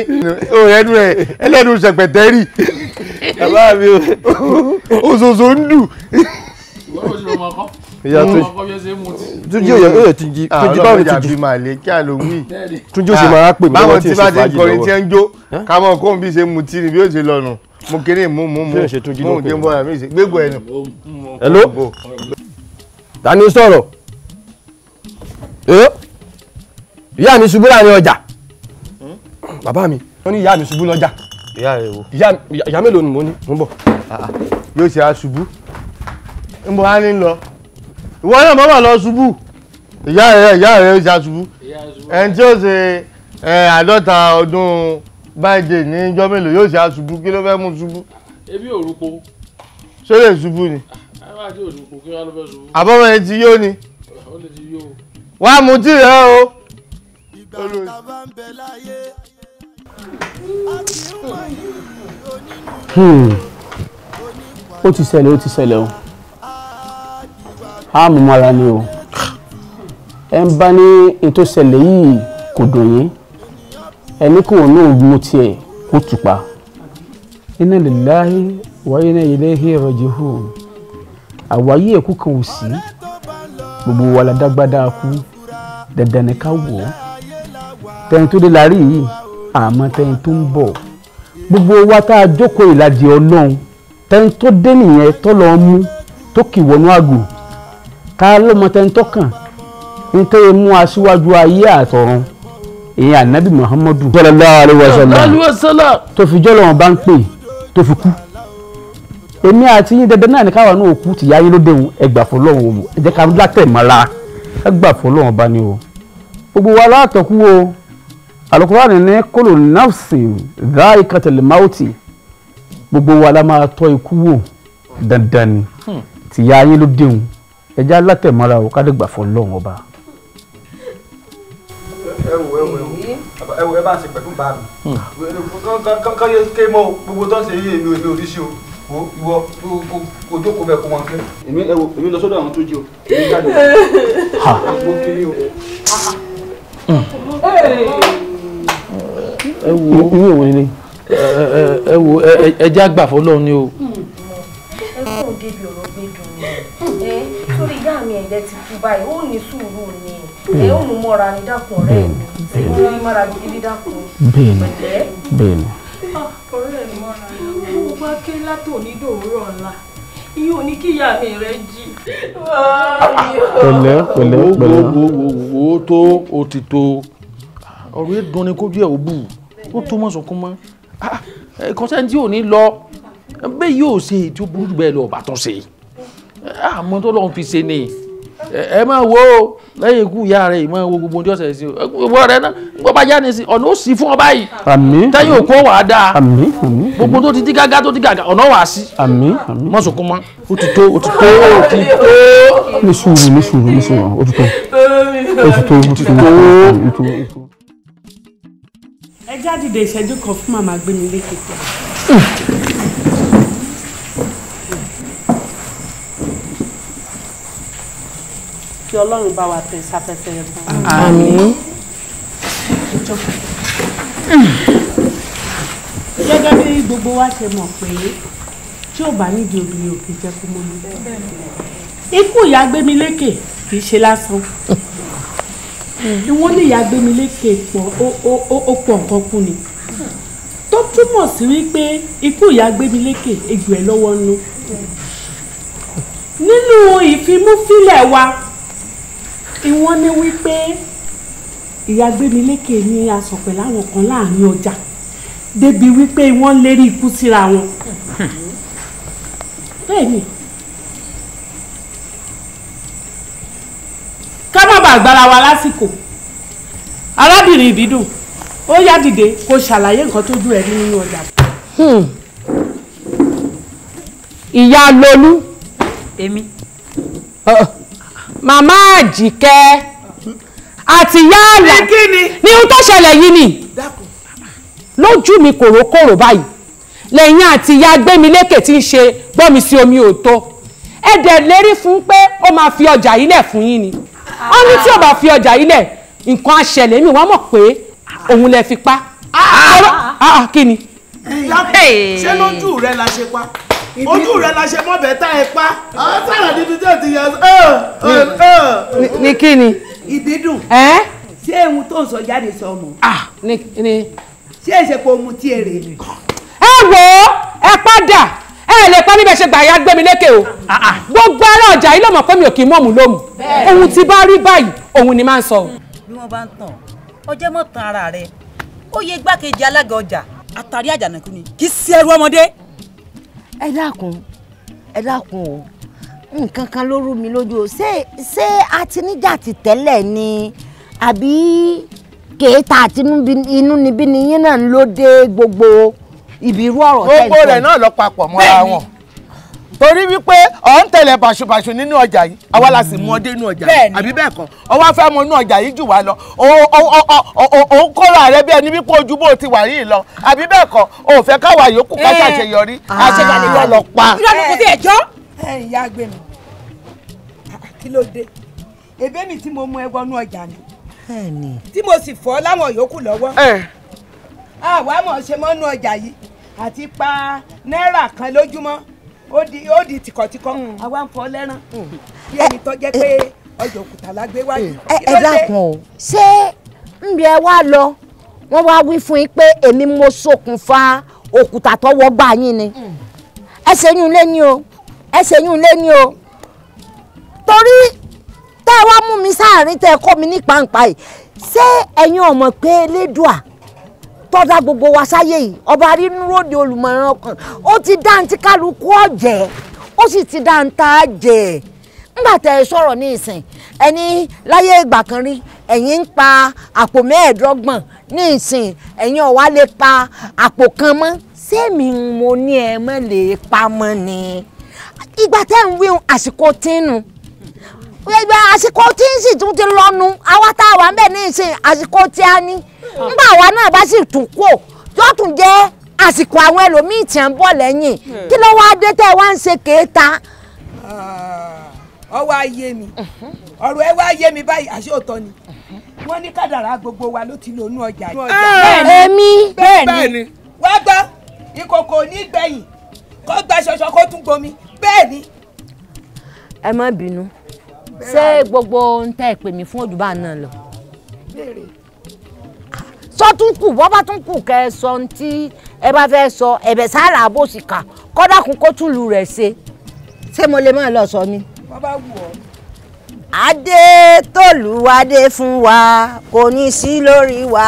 ẹnu rẹ̀ ẹlẹ́nu sẹ̀pẹ̀tẹ́rì. bàbá mi ò. òṣòṣò ń dù. ìwọ́n ò ṣe ọmọ kọ́ ìyá túnjí òye òye túnjí túnjí ah, báwo ni túnjí máa lè kí àlòwí túnjí ó ṣe máa pè mí lọ́wọ́ tí èsì fàájì lọ́wọ́ báwọn tí bá ti ń kọrin tí ń jó ká mọ̀ kóun bí ṣe mutí ni bí ó ṣe lọ́nu mo kéré mú mú mú mú gé bọ́ọ̀lù mi sí gbégbó ẹnu. hello ta ni sọ̀rọ̀ ìyá mi ṣubú láàrin ọjà bàbá mi wọ́n ní ìyá mi ṣubú lọ́jà ìyá mélòó ni mo ní mo ń bọ̀ ah, ah. yóò ṣe aṣubú ń bọ̀ á lọ ìwọ náà mọ́ bà lọ ṣubú ìyá rẹ ìyá rẹ ṣe aṣubú ẹni tí ó ṣe àádọ́ta ọdún báyìí ní ijọ́ mélòó yóò ṣe àṣubú kí ló fẹ́ mú ṣubú. ebi òrùpo. ṣó lè ṣubú ni. àbọ̀wọ̀ yẹn ti yó ni. wàá mu tí rẹ o. ìgbà tá a bá ń hmm. ó ti ṣẹlẹ̀ ó ti ṣẹlẹ̀ o àmúmọ́ra ni o ẹ ń bá ní ètò ṣẹlẹ̀ yìí kò dùn yín ẹni kò ní ògbó tiẹ̀ kó tùpá. inna lillahi wa inna ilayhi raji'un àwáyé ẹ̀kú kan ò sí gbogbo wa la dágbádá kú dandan ni ká wò ó tó dé lárí yìí àmọ́ tẹ́yìn tó ń bọ̀ gbogbo wa tá a jókòó ìlàjì ọlọ́run tẹ́yìn tó dé nìyẹn tó lọ mú tó kì wọnú àgò ká lọ́mọ tẹ́yìn tó kàn ní tẹ́yìn mú aṣíwájú ayé àtọ̀run ìyẹn anabi muhammadu sallallahu alayhi wa sallam tó fi jọlọ wọn bá ń pè tó fi kú èmi àti yín dandan náà ní káwọn náà kú tìyá yín ló déhùn ẹgbà fọlọ́wọ́ o ẹ jẹ́ ká látẹ̀mọ́ra ẹgbà fọlọ́wọ́ bá ní o gbogbo wa látọ̀kú o alukurani ní kóló nafsi dáì kàtàlémáwòtì gbogbo wa la máa tọ́ ikú wò dandan ni hmm. tìyá yín ló déhùn ẹ jẹ́ látẹ̀mọ́ra o ká dẹ̀gbà fọlọ́wọ́ bá. ẹ wò ẹ wò ẹ ẹ wo ẹ bá ń ṣe pẹ̀lú bá mi kọ́yé ké mọ́ gbogbo tó ń ṣe yé mi ò ní oríṣi o wo ìwọ kò jókòó bẹ́ẹ̀ kó wọn ké èmi ẹ wo èmi lọ sọ́dọ̀ àwọn tó jí o èmi jáde o mo kiri o. ẹ wo irú òwe ni ẹ wo ẹ jẹ́ àgbà fọlọ́ ni o. Hmm. ẹ kó o débi ọ̀rọ̀ gbẹ́dùn ẹ sórí ìyá mi ẹ̀dẹ́ ti kú báyìí ó ní sùúrù ni ẹ ó mú mọ́ra ní dákun ọ̀rẹ́ mi ṣé mo rí mọ́ra gidi dákun pẹ̀lẹ́. bẹ́ẹ̀ni. Ah, ọ̀rẹ́ mi mọ́ra mo bá ké látò nídòórọ̀ ńlá iye òní kí ìyá mi rẹ tó o ti tó ọ̀rọ̀ èdùn ni kójú ẹ̀ ò ò ní lọ bẹ́ẹ̀ yóò ṣe ètò burúkú bẹ́ẹ̀ lọ bàtọ́ ṣe àmọ́ ah, tó lọ́n fi ṣe ni ẹ máa wo lẹ́yìn ikú ìyá rẹ̀ ìmọ̀ wo gbogbo ọjọ́ sẹ̀ sí o gbogbo ọ̀rẹ́ náà gbogbo ajá ni sí ọ̀nà ó sì fún ọ báyìí àmín tẹ́yìn òkú wà á dáa àmín àmín gbogbo tó ti dí gágá tó ti gàgà ọ̀nà wà á sí àmín àmín mọ̀ sọ̀kún mọ́ ó ti tó ó ti tó ó ti tó. ní sùúrù ní sùúrù ní sùúrù ó ti tó ó ti tó ó ti tó ó ti tó. ẹ jáde ìṣẹ́jú kan fún màmá gbé mi lékè kí ọlọ́run bá wa tẹ̀ sáfẹ́fẹ́ rẹ̀ fún wa. àmín. gẹ́gẹ́ bí gbogbo wa ṣe mọ̀ pé tí ò bá nídìí obìnrin ò kì í jẹ́ kó mọ́ mi. ikú ìyá gbémi lékè kì í ṣe lásán ìwọ́n ní ìyá gbémi lékè pọ̀ ó pọ̀ nǹkan kú ni tó túmọ̀ sí wípé ikú ìyá gbémi lékè egbò ẹ̀ lọ́wọ́ nù nínú ìfimúfilẹ̀ wa ìwọ ni wípé ìyá gbémilékè ní asọ̀pẹ̀ láwọn kan láàrin ọjà débi wípé wọ́n lérí ikú síra wọn bẹ́ẹ̀ ni ká má bàa gbára wa lásìkò arábìnrin ìbídùn ó yá dìde kó ṣàlàyé nǹkan tójú ẹ nínú ọjà. Hmm. ìyá lolú. èmi màmá àjìkẹ́ àti yáàlà ní ohun tó ṣẹlẹ̀ yìí ni lójú mi kòrókòrò báyìí lẹ́yìn àti ìyá gbémilékè tí ń ṣe gbọ́mi sí omi òótọ́ ẹ̀dẹ̀ lérí fún pé ó máa fi ọjà yìí lẹ̀ fún yín ni ó ní tí ò bá fi ọjà yìí lẹ̀ nǹkan àṣẹlẹ̀ mi wọ́n mọ̀ pé òun lẹ fi pa ah! Ah, ah, kí ni. ṣé lójú rẹ la ṣe pa ojú rẹ la ṣe mọ́ bẹ́ẹ̀ tá ẹ pa ah, àwọn sára níbi tó ti yẹ ọ. Eh, ní eh, eh. kí ni. ìbídùn ṣé ehun tó ń sọ jáde sọ mọ. Ah, ṣé ìṣèpọ̀ ohun tí èrè ni. ẹ wo ẹ padà ẹ lè pa níbẹ̀ ṣe gbà ya gbé mi lékè o ah, gbogbo ará ọjà yìí ló mọ̀ pé mi ò kì í mọ̀ mú lómù ohun tí bá rí báyìí òun ni máa ń sọ. bí wọ́n bá ń tàn ọjọ́ mọ̀ tan ara rẹ̀ ó yẹ igbákejì alága ọjà àtàrí àjànàkú ni kì í ṣe ẹrú ọmọdé ẹ dákun ẹ dákun o nǹkan kan ló rú mi lójú o ṣé ṣé a ti tẹ́lẹ̀ ni àbí kèéta àti inú níbí ni yín náà ló dé gbogbo ìbírú ọ̀rọ̀ tẹ́lẹ̀. gbogbo rẹ̀ náà lọ papọ̀ mọ́ra wọn torí wípé ọ̀ ń tẹ̀lẹ̀ bàṣubàṣu nínú ọjà yìí àwa la sì mú ọdẹ inú ọjà yìí àbí bẹ́ẹ̀ kọ́ ọ wá fẹ́ mọ inú ọjà yìí jù wá lọ ò ń kọ́ra rẹ bí ẹni wípé ojú bó ti wà yìí lọ àbí bẹ́ẹ̀ kọ́ ò fẹ́ káwa yòókù ká eh. ṣàṣeyọrí àṣeyọrí yọ ah. lọ pa. ìyá mi kò tí ẹ jọ́. ẹ eh, eh, ìyá àgbẹ̀ mi kí ló dé èbé mi tí mo mú ẹ wọnú ọjà ni tí mo sì fọ́ láwọn yòókù lọ́wọ́ àwa mọ̀ ṣe mọ́nú ọjà yìí àti pa náírà kan lójúmọ́ ó di ó di tìkọ̀tìkọ̀ mm. àwa ń fọ lẹ́rán bí mm. ẹni tó jẹ́ pé ọjọ́ òkúta la gbé wáyé. Mm. ẹ dákun o ṣé ń bí ẹ wá lọ wọ́n wá wí fún yín pé èmi mo ṣokùnfà òkúta tó wọgbà yín ni ẹ ṣẹ́yún lé ní o ẹ ṣẹ́yún lé ní o torí tẹ́ ẹ wá mú mi sáàrin tẹ́ ẹ kọ́ mi ní pàǹpà yìí ṣé ẹ̀yin ọmọ pé elédùà tọ́da gbogbo wa sáyé yìí ọba arínúròde olùmọ̀ràn ọkàn ó ti dá ní kálukú ọ̀jẹ̀ ó sì ti dá ní tá jẹ̀ nígbà ẹ sọ̀rọ̀ ní ìsìn ẹni láyé ìgbà kan rí ẹ̀yin ń pa àpò mẹ́ẹ̀ẹ́dọ́gbọ̀n ní ìsìn ẹ̀yin ọ̀wá lè pa àpò kan mọ́ mo ní ẹ mọ́ pa mọ́ gbẹgbẹ àsìkò tí ń sì tún ti lọnu àwa tá a wà ń bẹ̀ ní ìsìn àsìkò tí a ní nígbà àwa náà bá sì tún kò yóò tún jẹ́ àsìkò àwọn ẹlòmíì tí à ń bọ̀ lẹ́yìn hmm. kí ló wá dé tẹ́ wá ń ṣe kéèta. Ah, ọwọ́ ayé mi ọ̀rọ̀ ẹ wá ayé mi báyìí àṣé òótọ́ ni wọ́n ní kádàrá gbogbo wa ló ti lò nú ọjà yìí. Ah, èmi bẹ́ẹ̀ ni wá gbọ́ ìkòkò ní gbẹ̀yìn kó gba ṣọṣọ kó tún gbomi bẹ́ẹ̀ ni. ẹ má bínú ṣé gbogbo ń tẹ́ ìpè mí fún òjúbà náà lọ. sọ tún kù bọ́ bá tún kù kẹ́ ẹ sọ ohun tí ẹ bá fẹ́ sọ ẹ̀bẹ̀ sára àbòsí kà kọ́dà kún kó tún lu rẹ̀ ṣe ṣé mo lè máa lọ sọ ni. adé bá wù ọ́. adé tòlúwadé fún wa kò ní sí lórí wa.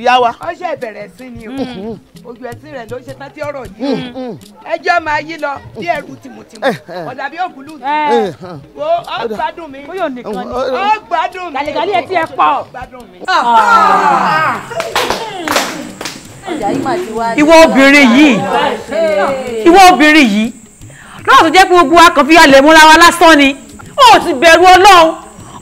ìyá wa. ó ṣe ìbẹ̀rẹ̀ sí ni o mm. mm-hmm. ojú ẹsìn rẹ ló ṣe tán tí ọ̀rọ̀ yìí mm-hmm. ẹjọ́ máa yí lọ bí ẹrù tìmùtìmù ọ̀dà eh, eh. bí òbúlù yìí eh. wo ó gbádùn mi ó gbádùn mi gàlígàlí ẹ ti ẹ pọ̀. ìwọ obìnrin yìí ìwọ obìnrin yìí lọ́wọ́ tó jẹ́ pé gbogbo akànfìyàlẹ̀ múra wa lásán ni ó ti bẹ̀rù ọlọ́run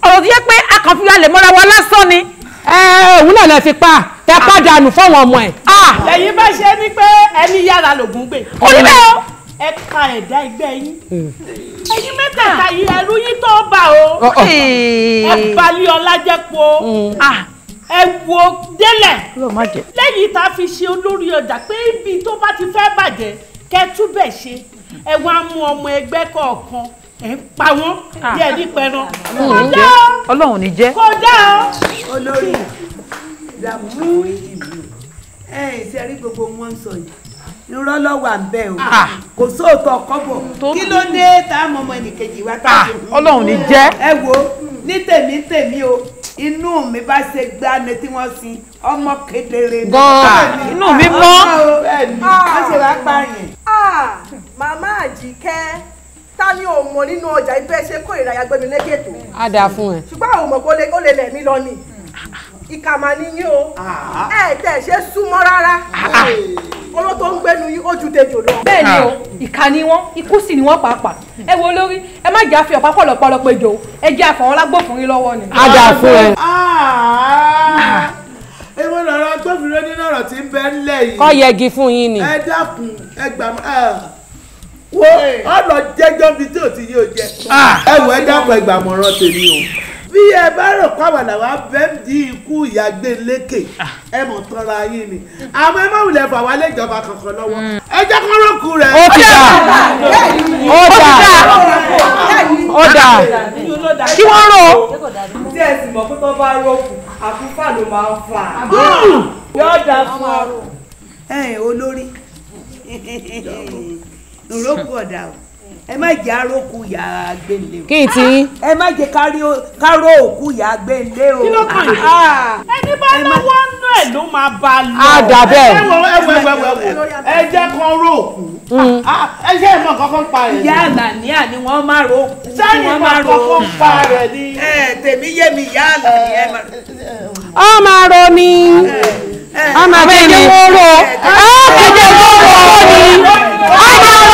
ọ̀rọ̀ tó jẹ́ pé akànfìyàlẹ̀ múra wa lásán ni òun náà lè fi pa ẹ pàdánù fọwọn ọmọ ẹ. lẹ́yìn bá ṣe ni pé ẹni yára lògùn gbé. ó ní bẹ́ẹ̀ o ẹ ka ẹ̀dá ẹgbẹ́ yín hmm. ẹ̀yin mẹ́tẹ̀ẹ̀ta yìí ẹ̀rú yín tó bá o ẹ balẹ̀ ọlájẹ́po hmm. ẹ wo délẹ̀ lẹ́yìn tá a fi ṣe olórí ọjà pé ibi tó bá ti fẹ́ bàjẹ́ kẹ́ túbẹ̀ ṣe ẹ wá mú ọmọ ẹgbẹ́ kọ̀ọ̀kan ẹ̀ ń pa wọ́n ah. bí ẹni pẹran. ọlọ́run ní jẹ́. kò dáa. olórí ìdààmú ìdìbò ẹ ẹ ṣe rí gbogbo wọn sọ yìí irọ́ ló wà ń bẹ̀ o ah. kò sóòótọ́ kọ́bọ̀ kí ló dé tá mọ̀mọ́ ẹnìkejì wa tá a ah, ọlọ́run ní jẹ́. ẹ wo ní tèmi tèmi o inú mi bá ṣe gbá ni tí wọ́n sin ọmọ kedere. gan-an inú mi mọ́. bẹ́ẹ̀ ni wọ́n ṣe wá pààyàn. màmá àjíkẹ́ ta ni o mọ̀ nínú ọjà ibẹ̀ ṣe kó ìrayà gbẹmí lékè tó. a dà fún o ṣùgbọ́n àwọn ọmọ kó lè lẹ̀ mí lọ ni ìkà mà níyìn o ah. ẹ tẹ̀ ṣe súnmọ́ rárá ah. owó tó ń gbénu yín ó ju tejò lọ. bẹ́ẹ̀ ni o ah. ìkà ni wọ́n ikú sì ni wọ́n pàápàá ẹ wo olórí ẹ má jẹ́ àfi ọ̀pá pọ̀lọpọ̀ lọ́pọ̀ ejò ẹ jẹ́ àfọwọ́n lágbófinrin lọ́wọ́ ni. a dà fún ẹ. èwo lọ̀rọ̀ agbófinró nínú ọ̀rọ̀ tí ń bẹ ń lẹ̀ yìí. kọ́ yẹgi fún yín ni. ẹ dákun ẹ gbà wo ọ lọ jẹjọ bí tí o ti yí o jẹ ah. ẹ ẹ dákọ ìgbàmọ̀ràn tèmi o bí ẹ bá rò pàwọn làwọn abẹ́mdì ikú ìyàgbé lékè ah. ẹ mọ̀ tọ́ra yín ni àmọ́ ẹ má wulẹ̀ fà wá léjọba kankan lọ́wọ́ hmm. ẹ jẹ́ kó rọ́ọ̀kù rẹ̀. ó ti dà ó dà ó dà kí wọ́n rò. tí ẹ sì mọ̀ pé tó bá rọ́ọ̀kù àfúfà ló máa ń fà. yóò dà fún ọ. ẹ olórí. ìrókù ọ̀dà o ẹ má jẹ́ arókù yà á o. kí n ti. ẹ má jẹ́ káró òkú yà á o. kí ló kàn yín. ẹni bá lọ́wọ́ nú ẹ̀ ló máa bá lọ. a dà ẹ wọ ẹ wọ ẹ wọ ẹ wọ kan ró ẹ ṣe ìmọ̀ kankan pa rẹ̀. ìyá àlàníà ni wọ́n máa ro òkú. sẹ́yìn ìmọ̀ kankan pa rẹ̀ ni. ẹ tèmi yé mi ìyá àlàníà máa. ọ máa ro ni ọmọ àbẹ̀yẹ wọ́n ro ọ kẹ̀kẹ́ wọ́n ro ni ọ máa ro.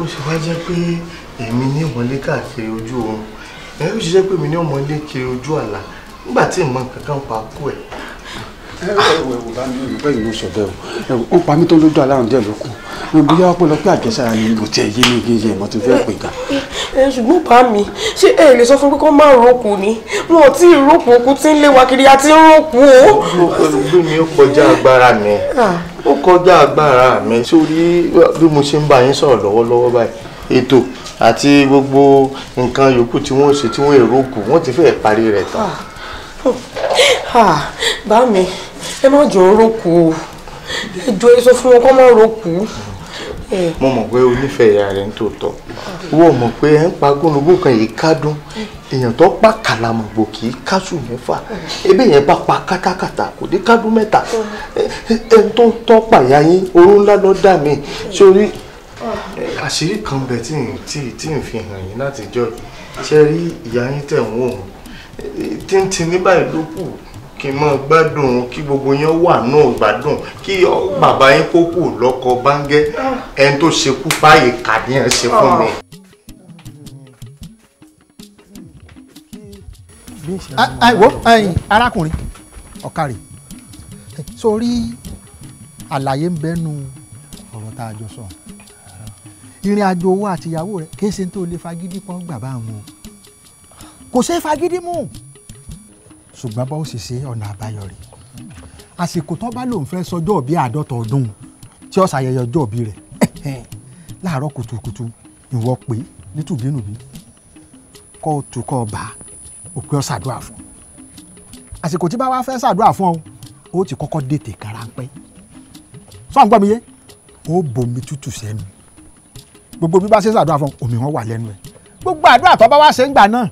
ó ṣe wá jẹ́ pé èmi ní ìmọ̀lé káàkiri ojú oorun ẹ̀yìn ó ṣe jẹ́ pé èmi ní ìmọ̀lé kiri ojú àlá nígbà tí ìmọ̀ kankan pa kú ẹ̀. ẹ ẹ wò bá mi ò bẹ́ẹ̀ ló sọ̀dẹ̀ o ó pa mí tó lójú aláàrùn díẹ̀ ló kù bóyá ọ̀pọ̀lọpọ̀ àjẹsára ni kò tiẹ̀ yé mi yé ìmọ̀ tó fẹ́ pè gan. ẹ ṣùgbọ́n bá mi ṣé ẹ lè sọ fún pé kó má ròkù ni wọn ò tí ì ròkù òkú tí ń lé wa kiri àti ròkù o. gbé mi ó kọjá agbára mi ó kọjá agbára mi sórí bí mo ṣe ń bá yín sọ̀rọ̀ lọ́wọ́lọ́wọ́ báyìí ètò àti gbogbo nǹkan yòókù tí wọ́n ṣe tí wọ́n èrò kù wọ́n ti fẹ́ẹ̀ parí rẹ̀ tán. Ah. bá mi ẹ má jọ orókù o ẹ jọ èso fún wọn kó má rókù mo mọ̀ pé o nífẹ̀ẹ́ ìyá rẹ̀ nítòótọ́ wọ́n mọ̀ pé ẹ̀ ń pa gúnugún kan yìí kádùn èèyàn tó pa kàlàmọ̀gbò kì í kásù mẹ́fà ebe yẹn bá pa kátàkàtà kò dé kádùn mẹ́ta ẹ̀ tó tọ́ pàyà yín orun ńlá ló dà mí sórí àṣírí kan bẹ tí n tí n fi hàn yín látijọ́ ṣe rí ìyá yín tẹ̀ ń tí ń tin ní báyìí ló kù kí n máa gbádùn kí gbogbo yẹn wà náà gbádùn kí bàbá yín kó kù lọ́kọ báńgẹ́ ẹni tó ṣekú báyìí kàdíyàn ṣe fún mi. wo arákùnrin ọ̀kàrè sórí àlàyé ń bẹ́nu ọ̀rọ̀ tá a jọ sọ ìrìn àjò owó àtìyàwó rẹ kí n ṣe tó lè fagídí pọ́n gbà bá kò ṣe é fagídí mú ṣùgbọ́n bá ó sì ṣe ọ̀nà àbáyọ rẹ̀ àsìkò tó bá lòun fẹ́ sọjọ́ bíi àádọ́ta ọdún tí ó ṣàyẹyẹ ọjọ́ bíi rẹ̀ láàárọ̀ kùtùkùtù ìwọ pé nítùbínúbí kọ́ ọ tù kọ́ ọ bá òpin ọ ṣàdúrà fún àsìkò tí bá wá fẹ́ ṣàdúrà fún ọ ó ti kọ́kọ́ dètè kan ráńpẹ́ sọ ń gbọ́ mi yé ó bomi tútù sẹ́nu gbogbo bí bá ṣe ṣàdúrà fún omi wọn wà lẹ́nu ẹ̀ gbogbo àdúrà tó bá wá ṣe ń gbà náà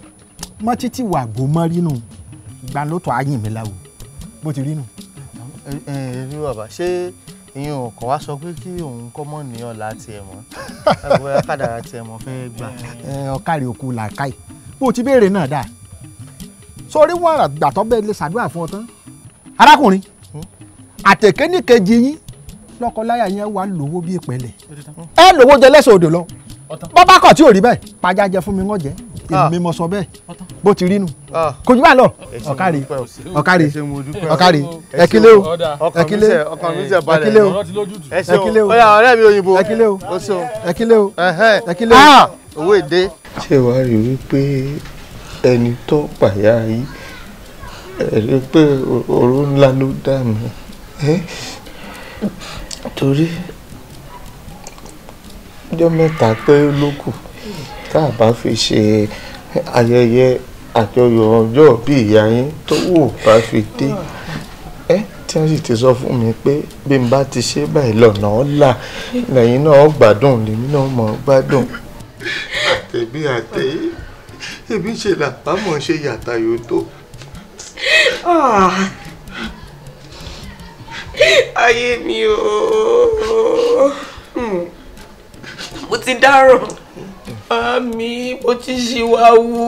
mọ́ títí wàgbó mọ́ rínú. No gbanlótò ayìn mi láwo bó ti rí nù. ẹ ẹ rí bàbá ṣé ìyẹn ò kọ́ wá sọ pé kí òun kọ́ mọ́ ní ọ̀la tiẹ̀ mọ́ bóyá kádàrá tiẹ̀ mọ́ fẹ́ gbà. ọ̀kàrí òkú làákàyè bó ti béèrè náà dáa sọrí wọn àgbàtọ́ bẹ́ẹ̀ lè ṣàdúrà fún ọ tán arákùnrin àtẹ̀kẹ́ ní kejì yín lọ́kọ-láyà yẹn wà lówó bí ìpẹ́lẹ̀ ẹ lówó jẹ lẹ́sẹ̀ odò lọ bọ́bá kọ̀ tí ò rí bẹ́ẹ̀ pàjájẹ fún mi wọ́n jẹ́ Ah. èmi mọ sọ bẹ́ẹ̀ bó ti rí nu ah. kojú bá lọ ọkàrí ọkàrí ọkàrí ẹkílẹ o ẹkílẹ o ẹkílẹ o ẹkílẹ o ọ̀rẹ́ mi òyìnbó ẹkílẹ o ẹkílẹ o ẹkílẹ o ah. owó èdè. ṣé wàá rí wípé ẹni tó pàyà yìí ẹ̀rí pé ọ̀rọ̀ ńlá ló dà mí torí ọjọ́ mẹ́ta pé ló kù tá a bá fi ṣe ayẹyẹ àjọyọ̀ ọjọ́ bí ìyá yín tó wò bá fi dé ẹ tí wọ́n sì ti sọ fún mi pé bí n bá ti ṣe báyìí lọ́nà ọ̀la lẹ́yìn náà gbádùn lèmi náà mọ̀ gbádùn. àtẹ̀bí àtẹ̀yí ebi ṣe làbámọ̀ ṣe yàtà yóò tó. Ah! ayé mi o hmm. mo ti dárò. Mami, mo ti ṣìwàwù.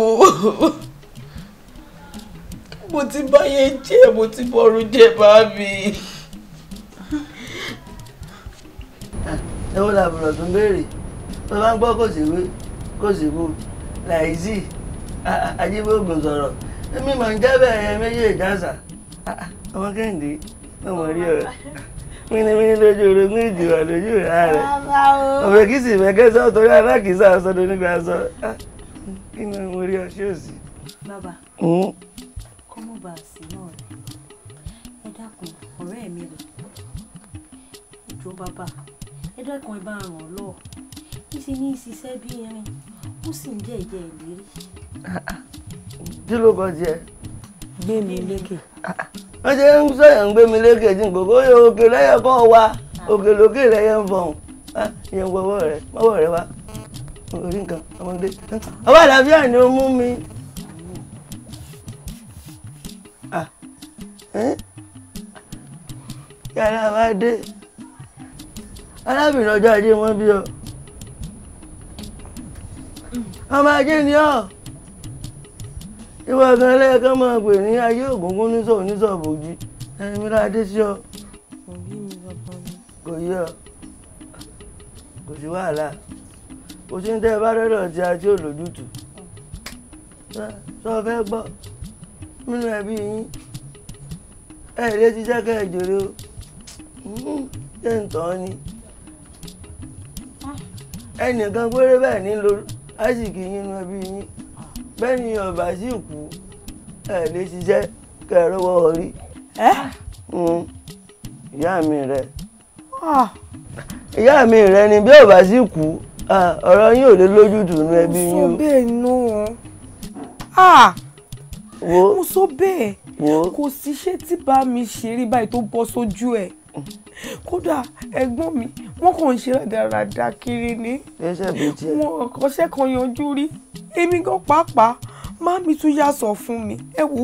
Mo ti báyé jẹ́, mo ti bọ̀rù jẹ́ mami. Ẹ wo làbùrọ̀ tó ń béèrè? Tó bá ń gbọ́ kò síwé, kò síwó, làìsí, ajíbòògbò sọ̀rọ̀. Èmi mọ̀ ń jábẹ̀ ẹ̀yẹ méjì ìjàsà. Ọmọ Kẹ́hìndé, ọmọ rí ọ̀rẹ́ mímímí lójú orogún ìjìwà lójú ìhà rẹ̀ ọ̀fẹ́ kì í sì fẹ́ kẹ́sọ́ torí alákìísà sọ́dọ̀ nígbà sọ kí ni mo rí ọṣẹ́ òsì. bàbá kọ́mọ́ bá a sí náà rẹ̀ ẹ dákun ọ̀rẹ́ mi rẹ̀ ẹ jọ̀ọ́ bàbá ẹ dákun ẹ bá ràn ọ́ lọ́wọ́ kí sì ní ìṣiṣẹ́ bí irin ó sì ń jẹ́ ìjẹ́ ìlérí. kí ló kọ jẹ gbé mi lékè. wọ́n ṣe ń sọ̀yàn ń gbé mi lékè tí nǹkan kó òkè lẹ́yẹ kọ́ wa òkè lókè lẹ́yẹ ń fọ̀hún ìyẹn wọ́wọ́ rẹ̀ mọ́wọ́ rẹ̀ orí nǹkan ọmọdé ọba àlàáfíà ni ó mú mi. yàrá wa dé arábìnrin ọjọ́ ajé wọn bí ọ ọmọ ajé ni ọ ìwọ gan lẹ́ẹ̀kan máa pè ní ayé ògúngún níṣọ oníṣọ bòjì ẹ̀míra adéṣíọ. kò yí ọ kò sí wàhálà kò sí ní tẹ́ ẹ bá rẹ́rọ̀ tí a tí ò lójútù sọ fẹ́ gbọ́ nínú ẹbí yín ẹ lè ti jẹ́ kẹ́ ẹ jèrè o ṣé ń tọ́ ni ẹnìkan péré bẹ́ẹ̀ ní lo àìsíkì yín nínú ẹbí yín bẹ́ẹ̀ni ọba sì kú ẹ lè ṣiṣẹ́ kẹrọwọ́ orí. ẹ. Hmm. ìyá mi rẹ. Ah. ìyá mi rẹ ni bí ọba sì kú ah, ọ̀rọ̀ yín ò lè lójútùú nu ẹbí yín o. mo sọ bẹ́ẹ̀ nù ú ah. mo sọ bẹ́ẹ̀ kò síṣẹ́ tí bá mi ṣe rí báyìí tó bọ́ sójú ẹ̀. Hmm kódà ẹ̀gbọ́n mi wọ́n kàn ń ṣe rádaràda kiri ni wọn kọ́ṣẹ́ kan yanjú rí èmi gan pàápàá má mi tún yà sọ fún mi ẹ wo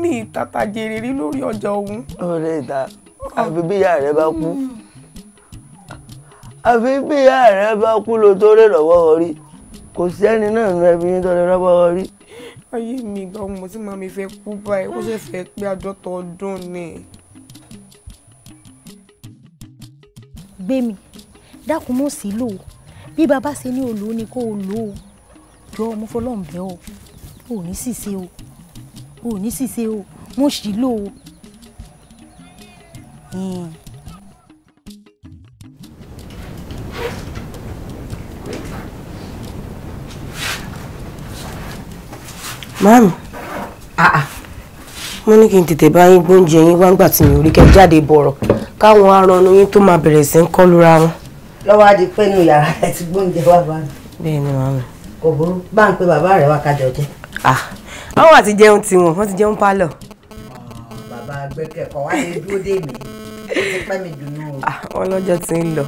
mi tata jèrè rí lórí ọjà òun. ọ̀rẹ́ ìta àfi bí ìyá rẹ bá kú àfi bí ìyá rẹ bá kú ló tó rè lọ́wọ́ orí kò sẹ́ni náà nu ẹbí yín tọ́lẹ̀ lọ́wọ́ orí. ayé mi ìgbà ọmọ tí màmí fẹ́ kú báyìí ó ṣe fẹ́ pé àádọ́ta ọdún ni. gbé mi dákun mọ̀ sí lò ó bí baba ṣe ní olò ni kò lò ó jọ ọmọ fọlọ́ǹbẹ́ o ò ní ṣìṣe o ò ní ṣìṣe o mo sì lò ó. Hmm. Mami. Ah ah mo ní kí n tètè bá yín gbóúnjẹ yín wá ńgbà tí mi ò rí kẹ́ jáde bọ̀rọ̀ káwọn aranu yín tó máa bẹ̀rẹ̀ sí ń kọ́ lura wọn. lọ́wọ́ á di pé inú yàrá ẹ ti gbóúnjẹ wá bá mi. bẹ́ẹ̀ ni màmá. kò burú bá ń pe bàbá rẹ wá kájọ jẹ. ah àwọn àti jẹun tiwọn wọn ti jẹun pálọ̀. bàbá gbẹkẹkọ wá lè dúró dé mi ó ti pẹ́ mi dùnú ah àwọn ọlọ́jọ́ ti ń lọ.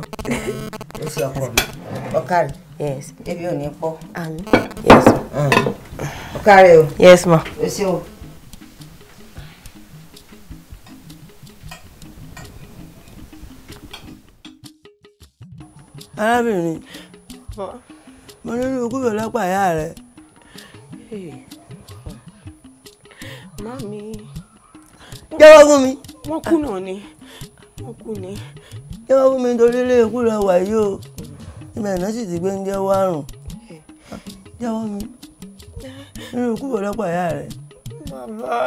ó ṣe ọkọ mi ọkàrí. yes. ebi ò ní pọ̀. yes. ọkàrí o. yes ma. o ṣeun. arábìnrin mo nínú kúrò lọ́pàá ìyá rẹ. mami. jẹ́wọ́ fún mi. wọ́n kùnà ni wọ́n kù ni. jẹ́wọ́ fún mi torí ilé ikú rẹ wà yìí o ìmọ̀ ìná sì ti gbé ń jẹ́wọ́ àrùn jẹ́wọ́ mi nínú kúrò lọ́pàá ìyá rẹ. bàbá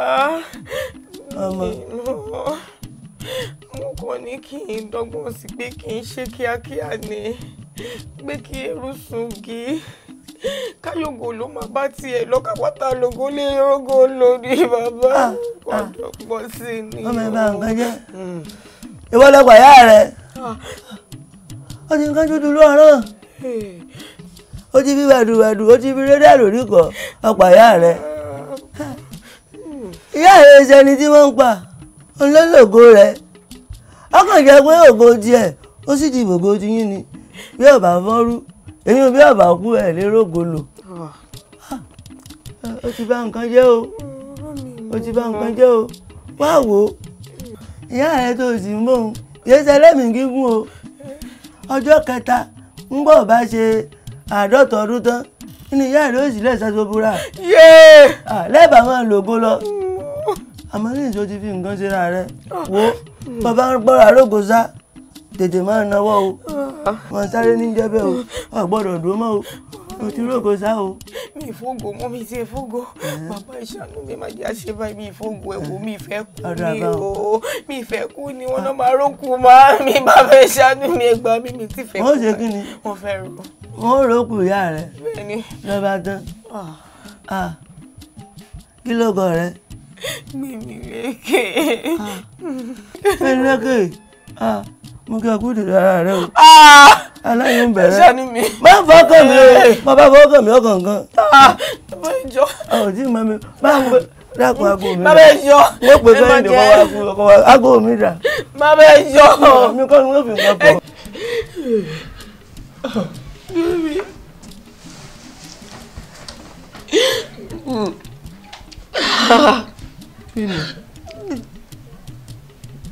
mi nù mo kàn ní kí n dọ́gbọ́n sí pé kí n ṣe kíákíá ni pé kí eru sùn gí káyọ̀gò ló máa bá tiẹ̀ lọ́ka lògó lé rógó lórí bàbá ọ̀dọ́gbọ́n ah, ah. sí ni. ọmọ ẹ bá nǹkan hmm. ìwọ lọkọ ìyá rẹ ah. ó ti dúdú lọ́rùn eh. ó ti fi wẹ̀dùwẹ̀dù ó ti fi rédíò lórí ọ̀pọ̀ ìyá rẹ hmm. ìyá rẹ ṣe ni tí wọ́n ń pa olólògo rẹ̀ ọkàn jẹ́ pé ògo tiẹ̀ ó sì di ògo ti yín ni bí ọba fọ́rú èyí bí ọba kú ẹ̀ lérò golo ó ti bá nǹkan jẹ́ o ó ti bá nǹkan jẹ́ o wá wò ó ìyá rẹ tó sì ń bò ń yé sẹlẹ́mì gígùn o ọjọ́ kẹta ń bọ̀ bá ṣe àádọ́ta ọdún tán nínú ìyá rẹ ó sì lẹ́sẹ̀ tó búra ah, lẹ́bàá máa lògo lọ àmọ́ ní ìṣó ti fi nǹkan ṣe ra rẹ ah. wò ó bàbá ń gbọ́ra rògbòsá tètè máa náwó o máa sáré ní jẹ́bẹ̀ o a gbọ́dọ̀ dúró mọ́ o mo ti rògbòsá o. mi ìfógo mọ mi ti ìfógo bàbá ìṣàánú mi máa jẹ́ àṣẹ báyìí mi ìfógo ẹ̀wò mi ìfẹ́ kú ni o mi ìfẹ́ kú ni wọn náà máa rókù máa mi bàbá ìṣàánú mi ẹgbàá mi mi ti fẹ́ kú. wọ́n ṣe kí ni wọ́n fẹ́ rò. wọ́n rókù ìyá rẹ̀ lọ́ba tán ah. Ah. kí ló gọ̀ rẹ̀ gbèmílékè. gbèmílékè ah. ah, mo kí ọkùnrin dèrò ara rẹ o ah. aláyọ̀ ń bẹ̀rẹ̀ má fọkàn mi o eh. má bá fọkàn mi ọkàn kan. ọ̀dí mami má ń pè dákun aago mi rà wọ́n pè sẹ́yìn ní kọ́ wa aago mi rà. má bẹ́ẹ̀ yọ. mi kọ́ ni wọ́n fi nǹkan bọ̀. Mm kí ni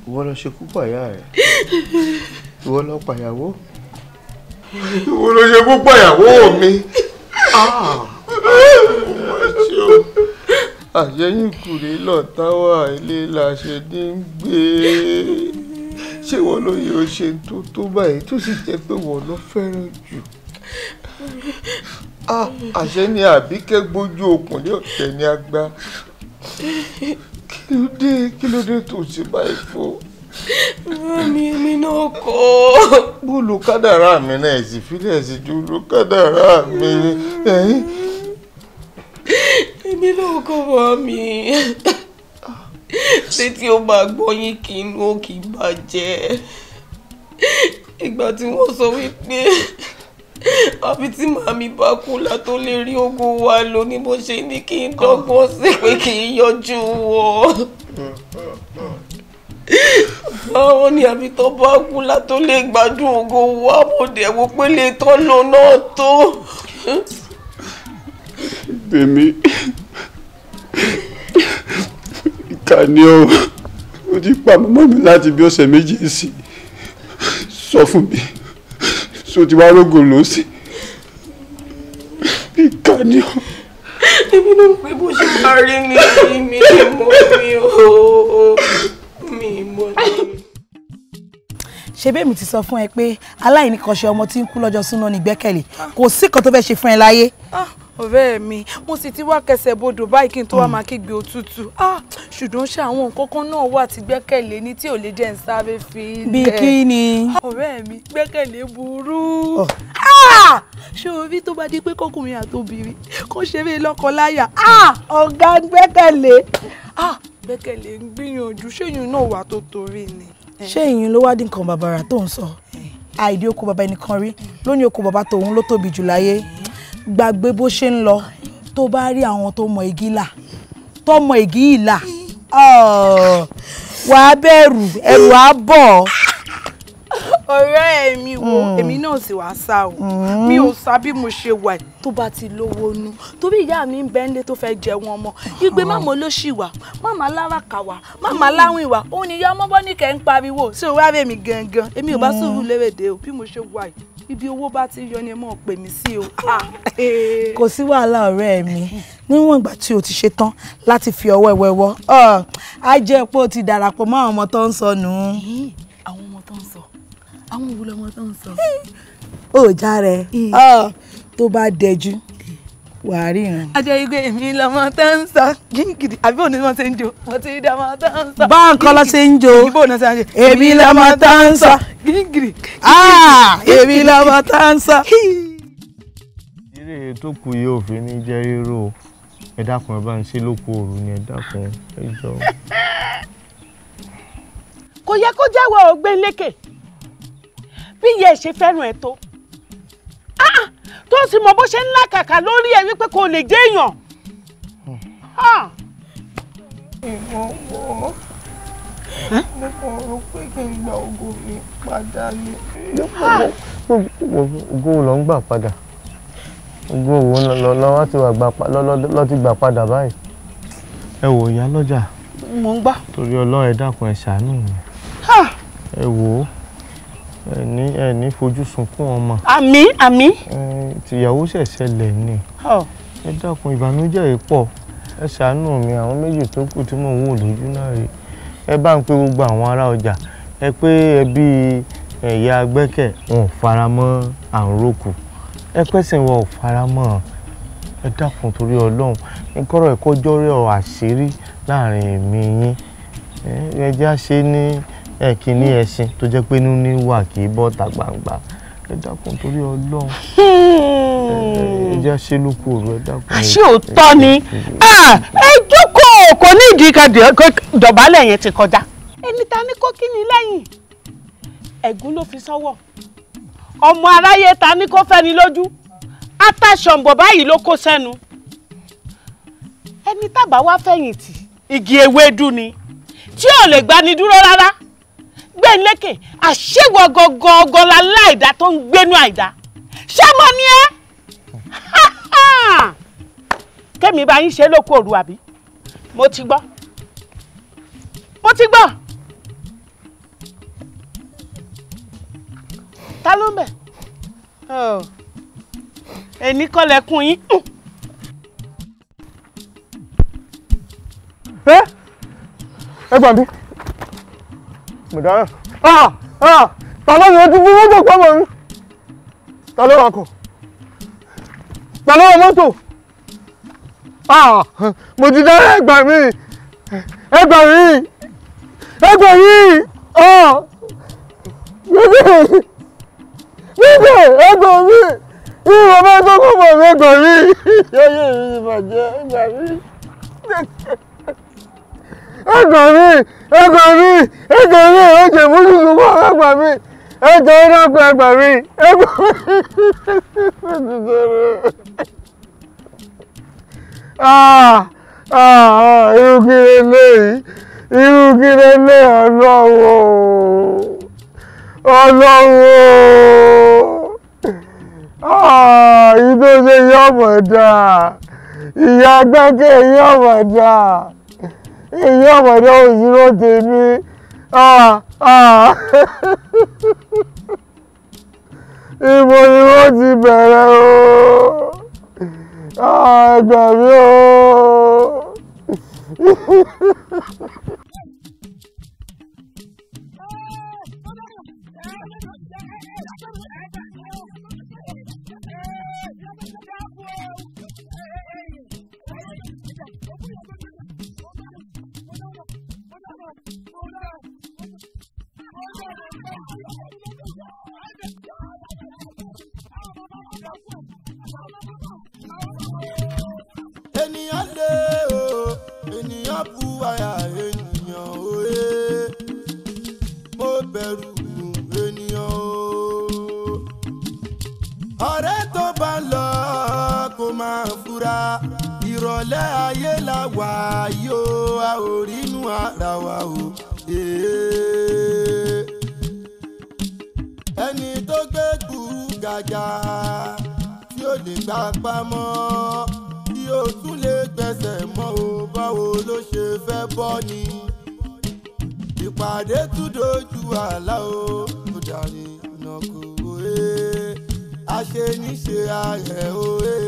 ìwọ ló ṣekú pàyà rẹ ìwọ ló pàyàwó ìwọ ló ṣekú pàyàwó mi ah. àṣẹyìn kùrè lọ́tà wà ilé làṣẹ ní ń gbé ṣé wọn ló yẹ ọ ṣe tó tó báyìí tó sì jẹ́ pé wọn ló fẹ́ràn jù ah, àṣẹ ni àbíkẹ́ gbójú okùn ní ọ̀tẹ̀ ní agbá kí ló dé kí ló dé tó ṣe báyìí fún. mi mi náà kọ́. bóòlù kádàrá mi náà ẹ̀ sì fílẹ̀ ẹ̀ sì ju olú kádàrá mi. èmi náà kọ́ wá mi ṣé tí ó máa gbọ́ yín kí inú ó bàjẹ́ ìgbà tí wọ́n sọ wípé àfi tí màmí bá kú la tó lè rí ògo wa lò ní bó ṣe ní kí n dọ́gbọ́n sí pé kì í yọjú wọ. báwo ni àfi tó bá kú la tó lè gbádùn ògo wa mo dẹ̀ wo pé lè tọ́ náà tó. bèmí ìkà ni ó ó pa mọ́mọ́ mi láti bí ọ̀sẹ̀ méjì sí sọ fún mi so ti wá rógò lọ́sí bí kàní o. èmi ló ń pè bó ṣe parí ní mi mi mọ́ mi ò mi mọ́ mi ṣebí èmi ti sọ fún ẹ pé aláìní kan ṣe ọmọ tí ń kú lọ́jọ́ súná ní gbẹ́kẹ̀lé kò sí kan tó fẹ́ ṣe fún ẹ láyé. Ah, ọ̀rẹ́ mi mo sì ti wá kẹsẹ̀ bodò báyìí kí n tó wá máa kígbe òtútù ah, ṣùgbọ́n ṣe àwọn nǹkan náà wà tí gbẹ́kẹ̀lé ní tí ò lè jẹ́ ń sáré fi ilẹ̀. bí kí ni. Ah, ọ̀rẹ́ mi gbẹ́kẹ̀lé burú oh. ṣé o rí tó bá di pé kọkùnrin àtòbìnrin kò ṣeré lọ́kọláya ọ̀gá gbẹ́kẹ̀lé ń gbìyànjú ṣéyìn náà wà tó torí ni ṣé ìyún ló wá dín kan bàbàrà tó ń sọ àìdí oko bàbá ẹnìkan rí ló ní oko bàbá tòun ló tóbi jù láyé gbàgbé bó ṣe ń lọ tó bá rí àwọn tó mọ igi là tó mọ igi yìí là wàá bẹ̀rù ẹrù á bọ̀ ọ̀rẹ́ mi wo hmm. èmi náà sì wá sá o hmm. mi ò sá bí mo ṣe wà tó bá ti lówó nu torí ìyá mi ń bẹ nílé tó fẹ́ jẹ wọn ọmọ igbe hmm. máma ló ṣì wà máma láràkà wà máma láwìn wà òun ni ìyá ọmọ bọ́ ní kẹ́ ń pariwo ṣé o wá rẹ̀ mi gangan èmi ò bá sùúrù léwèdè o bí mo ṣe wà yìí ibi owó bá ti yọ ni ẹ mọ̀ pè mí sí o. kò sí wàhálà ọ̀rẹ́ mi níwọ̀n ìgbà tí o ti ṣe tán láti fi ọwọ́ ẹ̀wẹ̀wọ́ á jẹ́ pé o ti darapọ̀ mọ́ àwọn ọmọ tó ń sọnù àwọn òwúlọ ọmọ tó ń sọ. ó já rẹ tó bá dẹjú wàá ríran. ajẹ́ igbe èmi lọ́mọ tó ń sọ gíngìdì àbí òní wọn ṣe ń jo mo ti rí ọmọ tó ń sọ. báńkọ́ lọ ṣe ń jo èmi lọ́mọ tó ń sọ gíngìdì. èmi lọ́mọ tó ń sọ. eré tó kù yìí òfin ní jẹ́ rírò ẹ dákun ẹ bá ń ṣe lóko òru ni ẹ dákun ẹ jọ. kò yẹ kó jẹ́wọ́ ògbé lékè bí ìyá ẹ̀ ṣe fẹ́ràn ẹ̀ tó ah, tó sì mọ bó ṣe ń làkàkà lórí ẹ̀ wípé kò lè déèyàn. ìmọ̀wọ́ mo kàn rò pé kí n gba ah. ògo mi padà ni. ògo ló ń gbà padà ògo wo lọ́wọ́ ti gbà padà báyìí. ẹ wò ìyá lọ́jà. mo ń gbà. torí ọlọ́run ẹ dákun ẹ ṣàánú mi. Ah. ẹ wò ó ẹni ẹni fojú sunkún ọmọ. àmì àmì. tìyàwó ṣẹ̀ṣẹ̀ lẹ̀ ni ẹ dákun ìbànújẹ́ yìí pọ̀ ẹ ṣàánú mi àwọn méjì tó kù tí mò ń wò lójú náà rèé ẹ bá ń pe gbogbo àwọn ará ọjà ẹ pé ẹbí ẹ̀yà gbẹ́kẹ̀ wọn ò fara mọ́ àrùn rókù ẹ pẹ́sìn wọn ò fara mọ́ ẹ dákun torí ọlọ́run nkọ́rọ̀ ẹ̀kọ́ jọ́rẹ́ ọ̀ àṣírí láàrin èmi yín ẹ jẹ́ àṣẹ ní ẹ kì í ní ẹṣin tó jẹ́ pé inú ní wà kì í bọ́ ta gbangba ẹ dákun torí ọlọ́run ẹ jẹ́ ṣe lóko ọ̀rọ̀ ẹ dákun. àṣé òótọ́ ni ẹ ah, jókòó kò ní ìdí ká dọ̀bálẹ̀ yẹn ti kọjá. ẹni ta ni kó kí ni lẹ́yìn ẹ̀gún ló fi sọ́wọ́ ọmọ aráyé ta ni kó fẹ́ni lójú ataṣọ̀ǹbọ̀ báyìí ló kó sẹ́nu ẹni tábà wá fẹ̀yìntì igi ewédú ni tí ò lè gbani dúró rárá gbé e lékè àṣewọ gọgọgọ la láìdá tó ń gbénú àìdá ṣé mo ní ẹ kémi bá yín ṣe lóko òru àbí mo ti gbọ́ mo ti gbọ́ ta ló ń bẹ̀ oh. ẹni kọ́lẹ̀kùn yín. ẹ ẹ gbọ́n bí mọ̀dára ta ló yọjú fún mọ́tò pọ́mọ́ mi ta ló wakọ̀ ta ló wọ mọ́tò mo ti dára ẹgbà mi ẹgbà mi ẹgbà mi bíbẹ̀ bíbẹ̀ ẹgbà mi ìwọ mọ́tò pọ́mọ́ ẹ̀gbọ́n mi ẹ̀gbọ́n mi ẹ̀gbọ́n mi ẹ̀jẹ̀ mú ní ìlú wọn mi ẹ̀jẹ̀ iná pẹ̀ ẹ̀gbọ́n mi ẹ̀gbọ́n mi ẹ̀jẹ̀ sọ̀rọ̀ irú kí leléyìí irú kí leléyìí ọlọ́wọ́ ọlọ́wọ́ ìdóse ah, yọ̀mọ̀dà ìyá gbẹ́kẹ̀ yọ̀mọ̀dà èyí ọ̀mọ̀dé òyìnbó tèmi ibo ni wọ́n ti bẹ̀rẹ̀ o ẹgbẹ̀mí o. ènìyàn lé o ènìyàn bu àyà ènìyàn òye mo bẹ̀rù ènìyàn o. ọ̀rẹ́ tó bá ń lọ kó máa fura ìrọ̀lẹ́ ayé la wà yóò a ò rínú ara wa o. ẹni tó gbé gbùrú tí ó lè gbà pamọ́ ò tún lè gbẹ̀sẹ̀ mọ́ o báwo ló ṣe fẹ́ bọ́ ni ìpàdé tún dojú àlá o kò dàrí ìnàkó òye àṣeníṣe ààrẹ òye.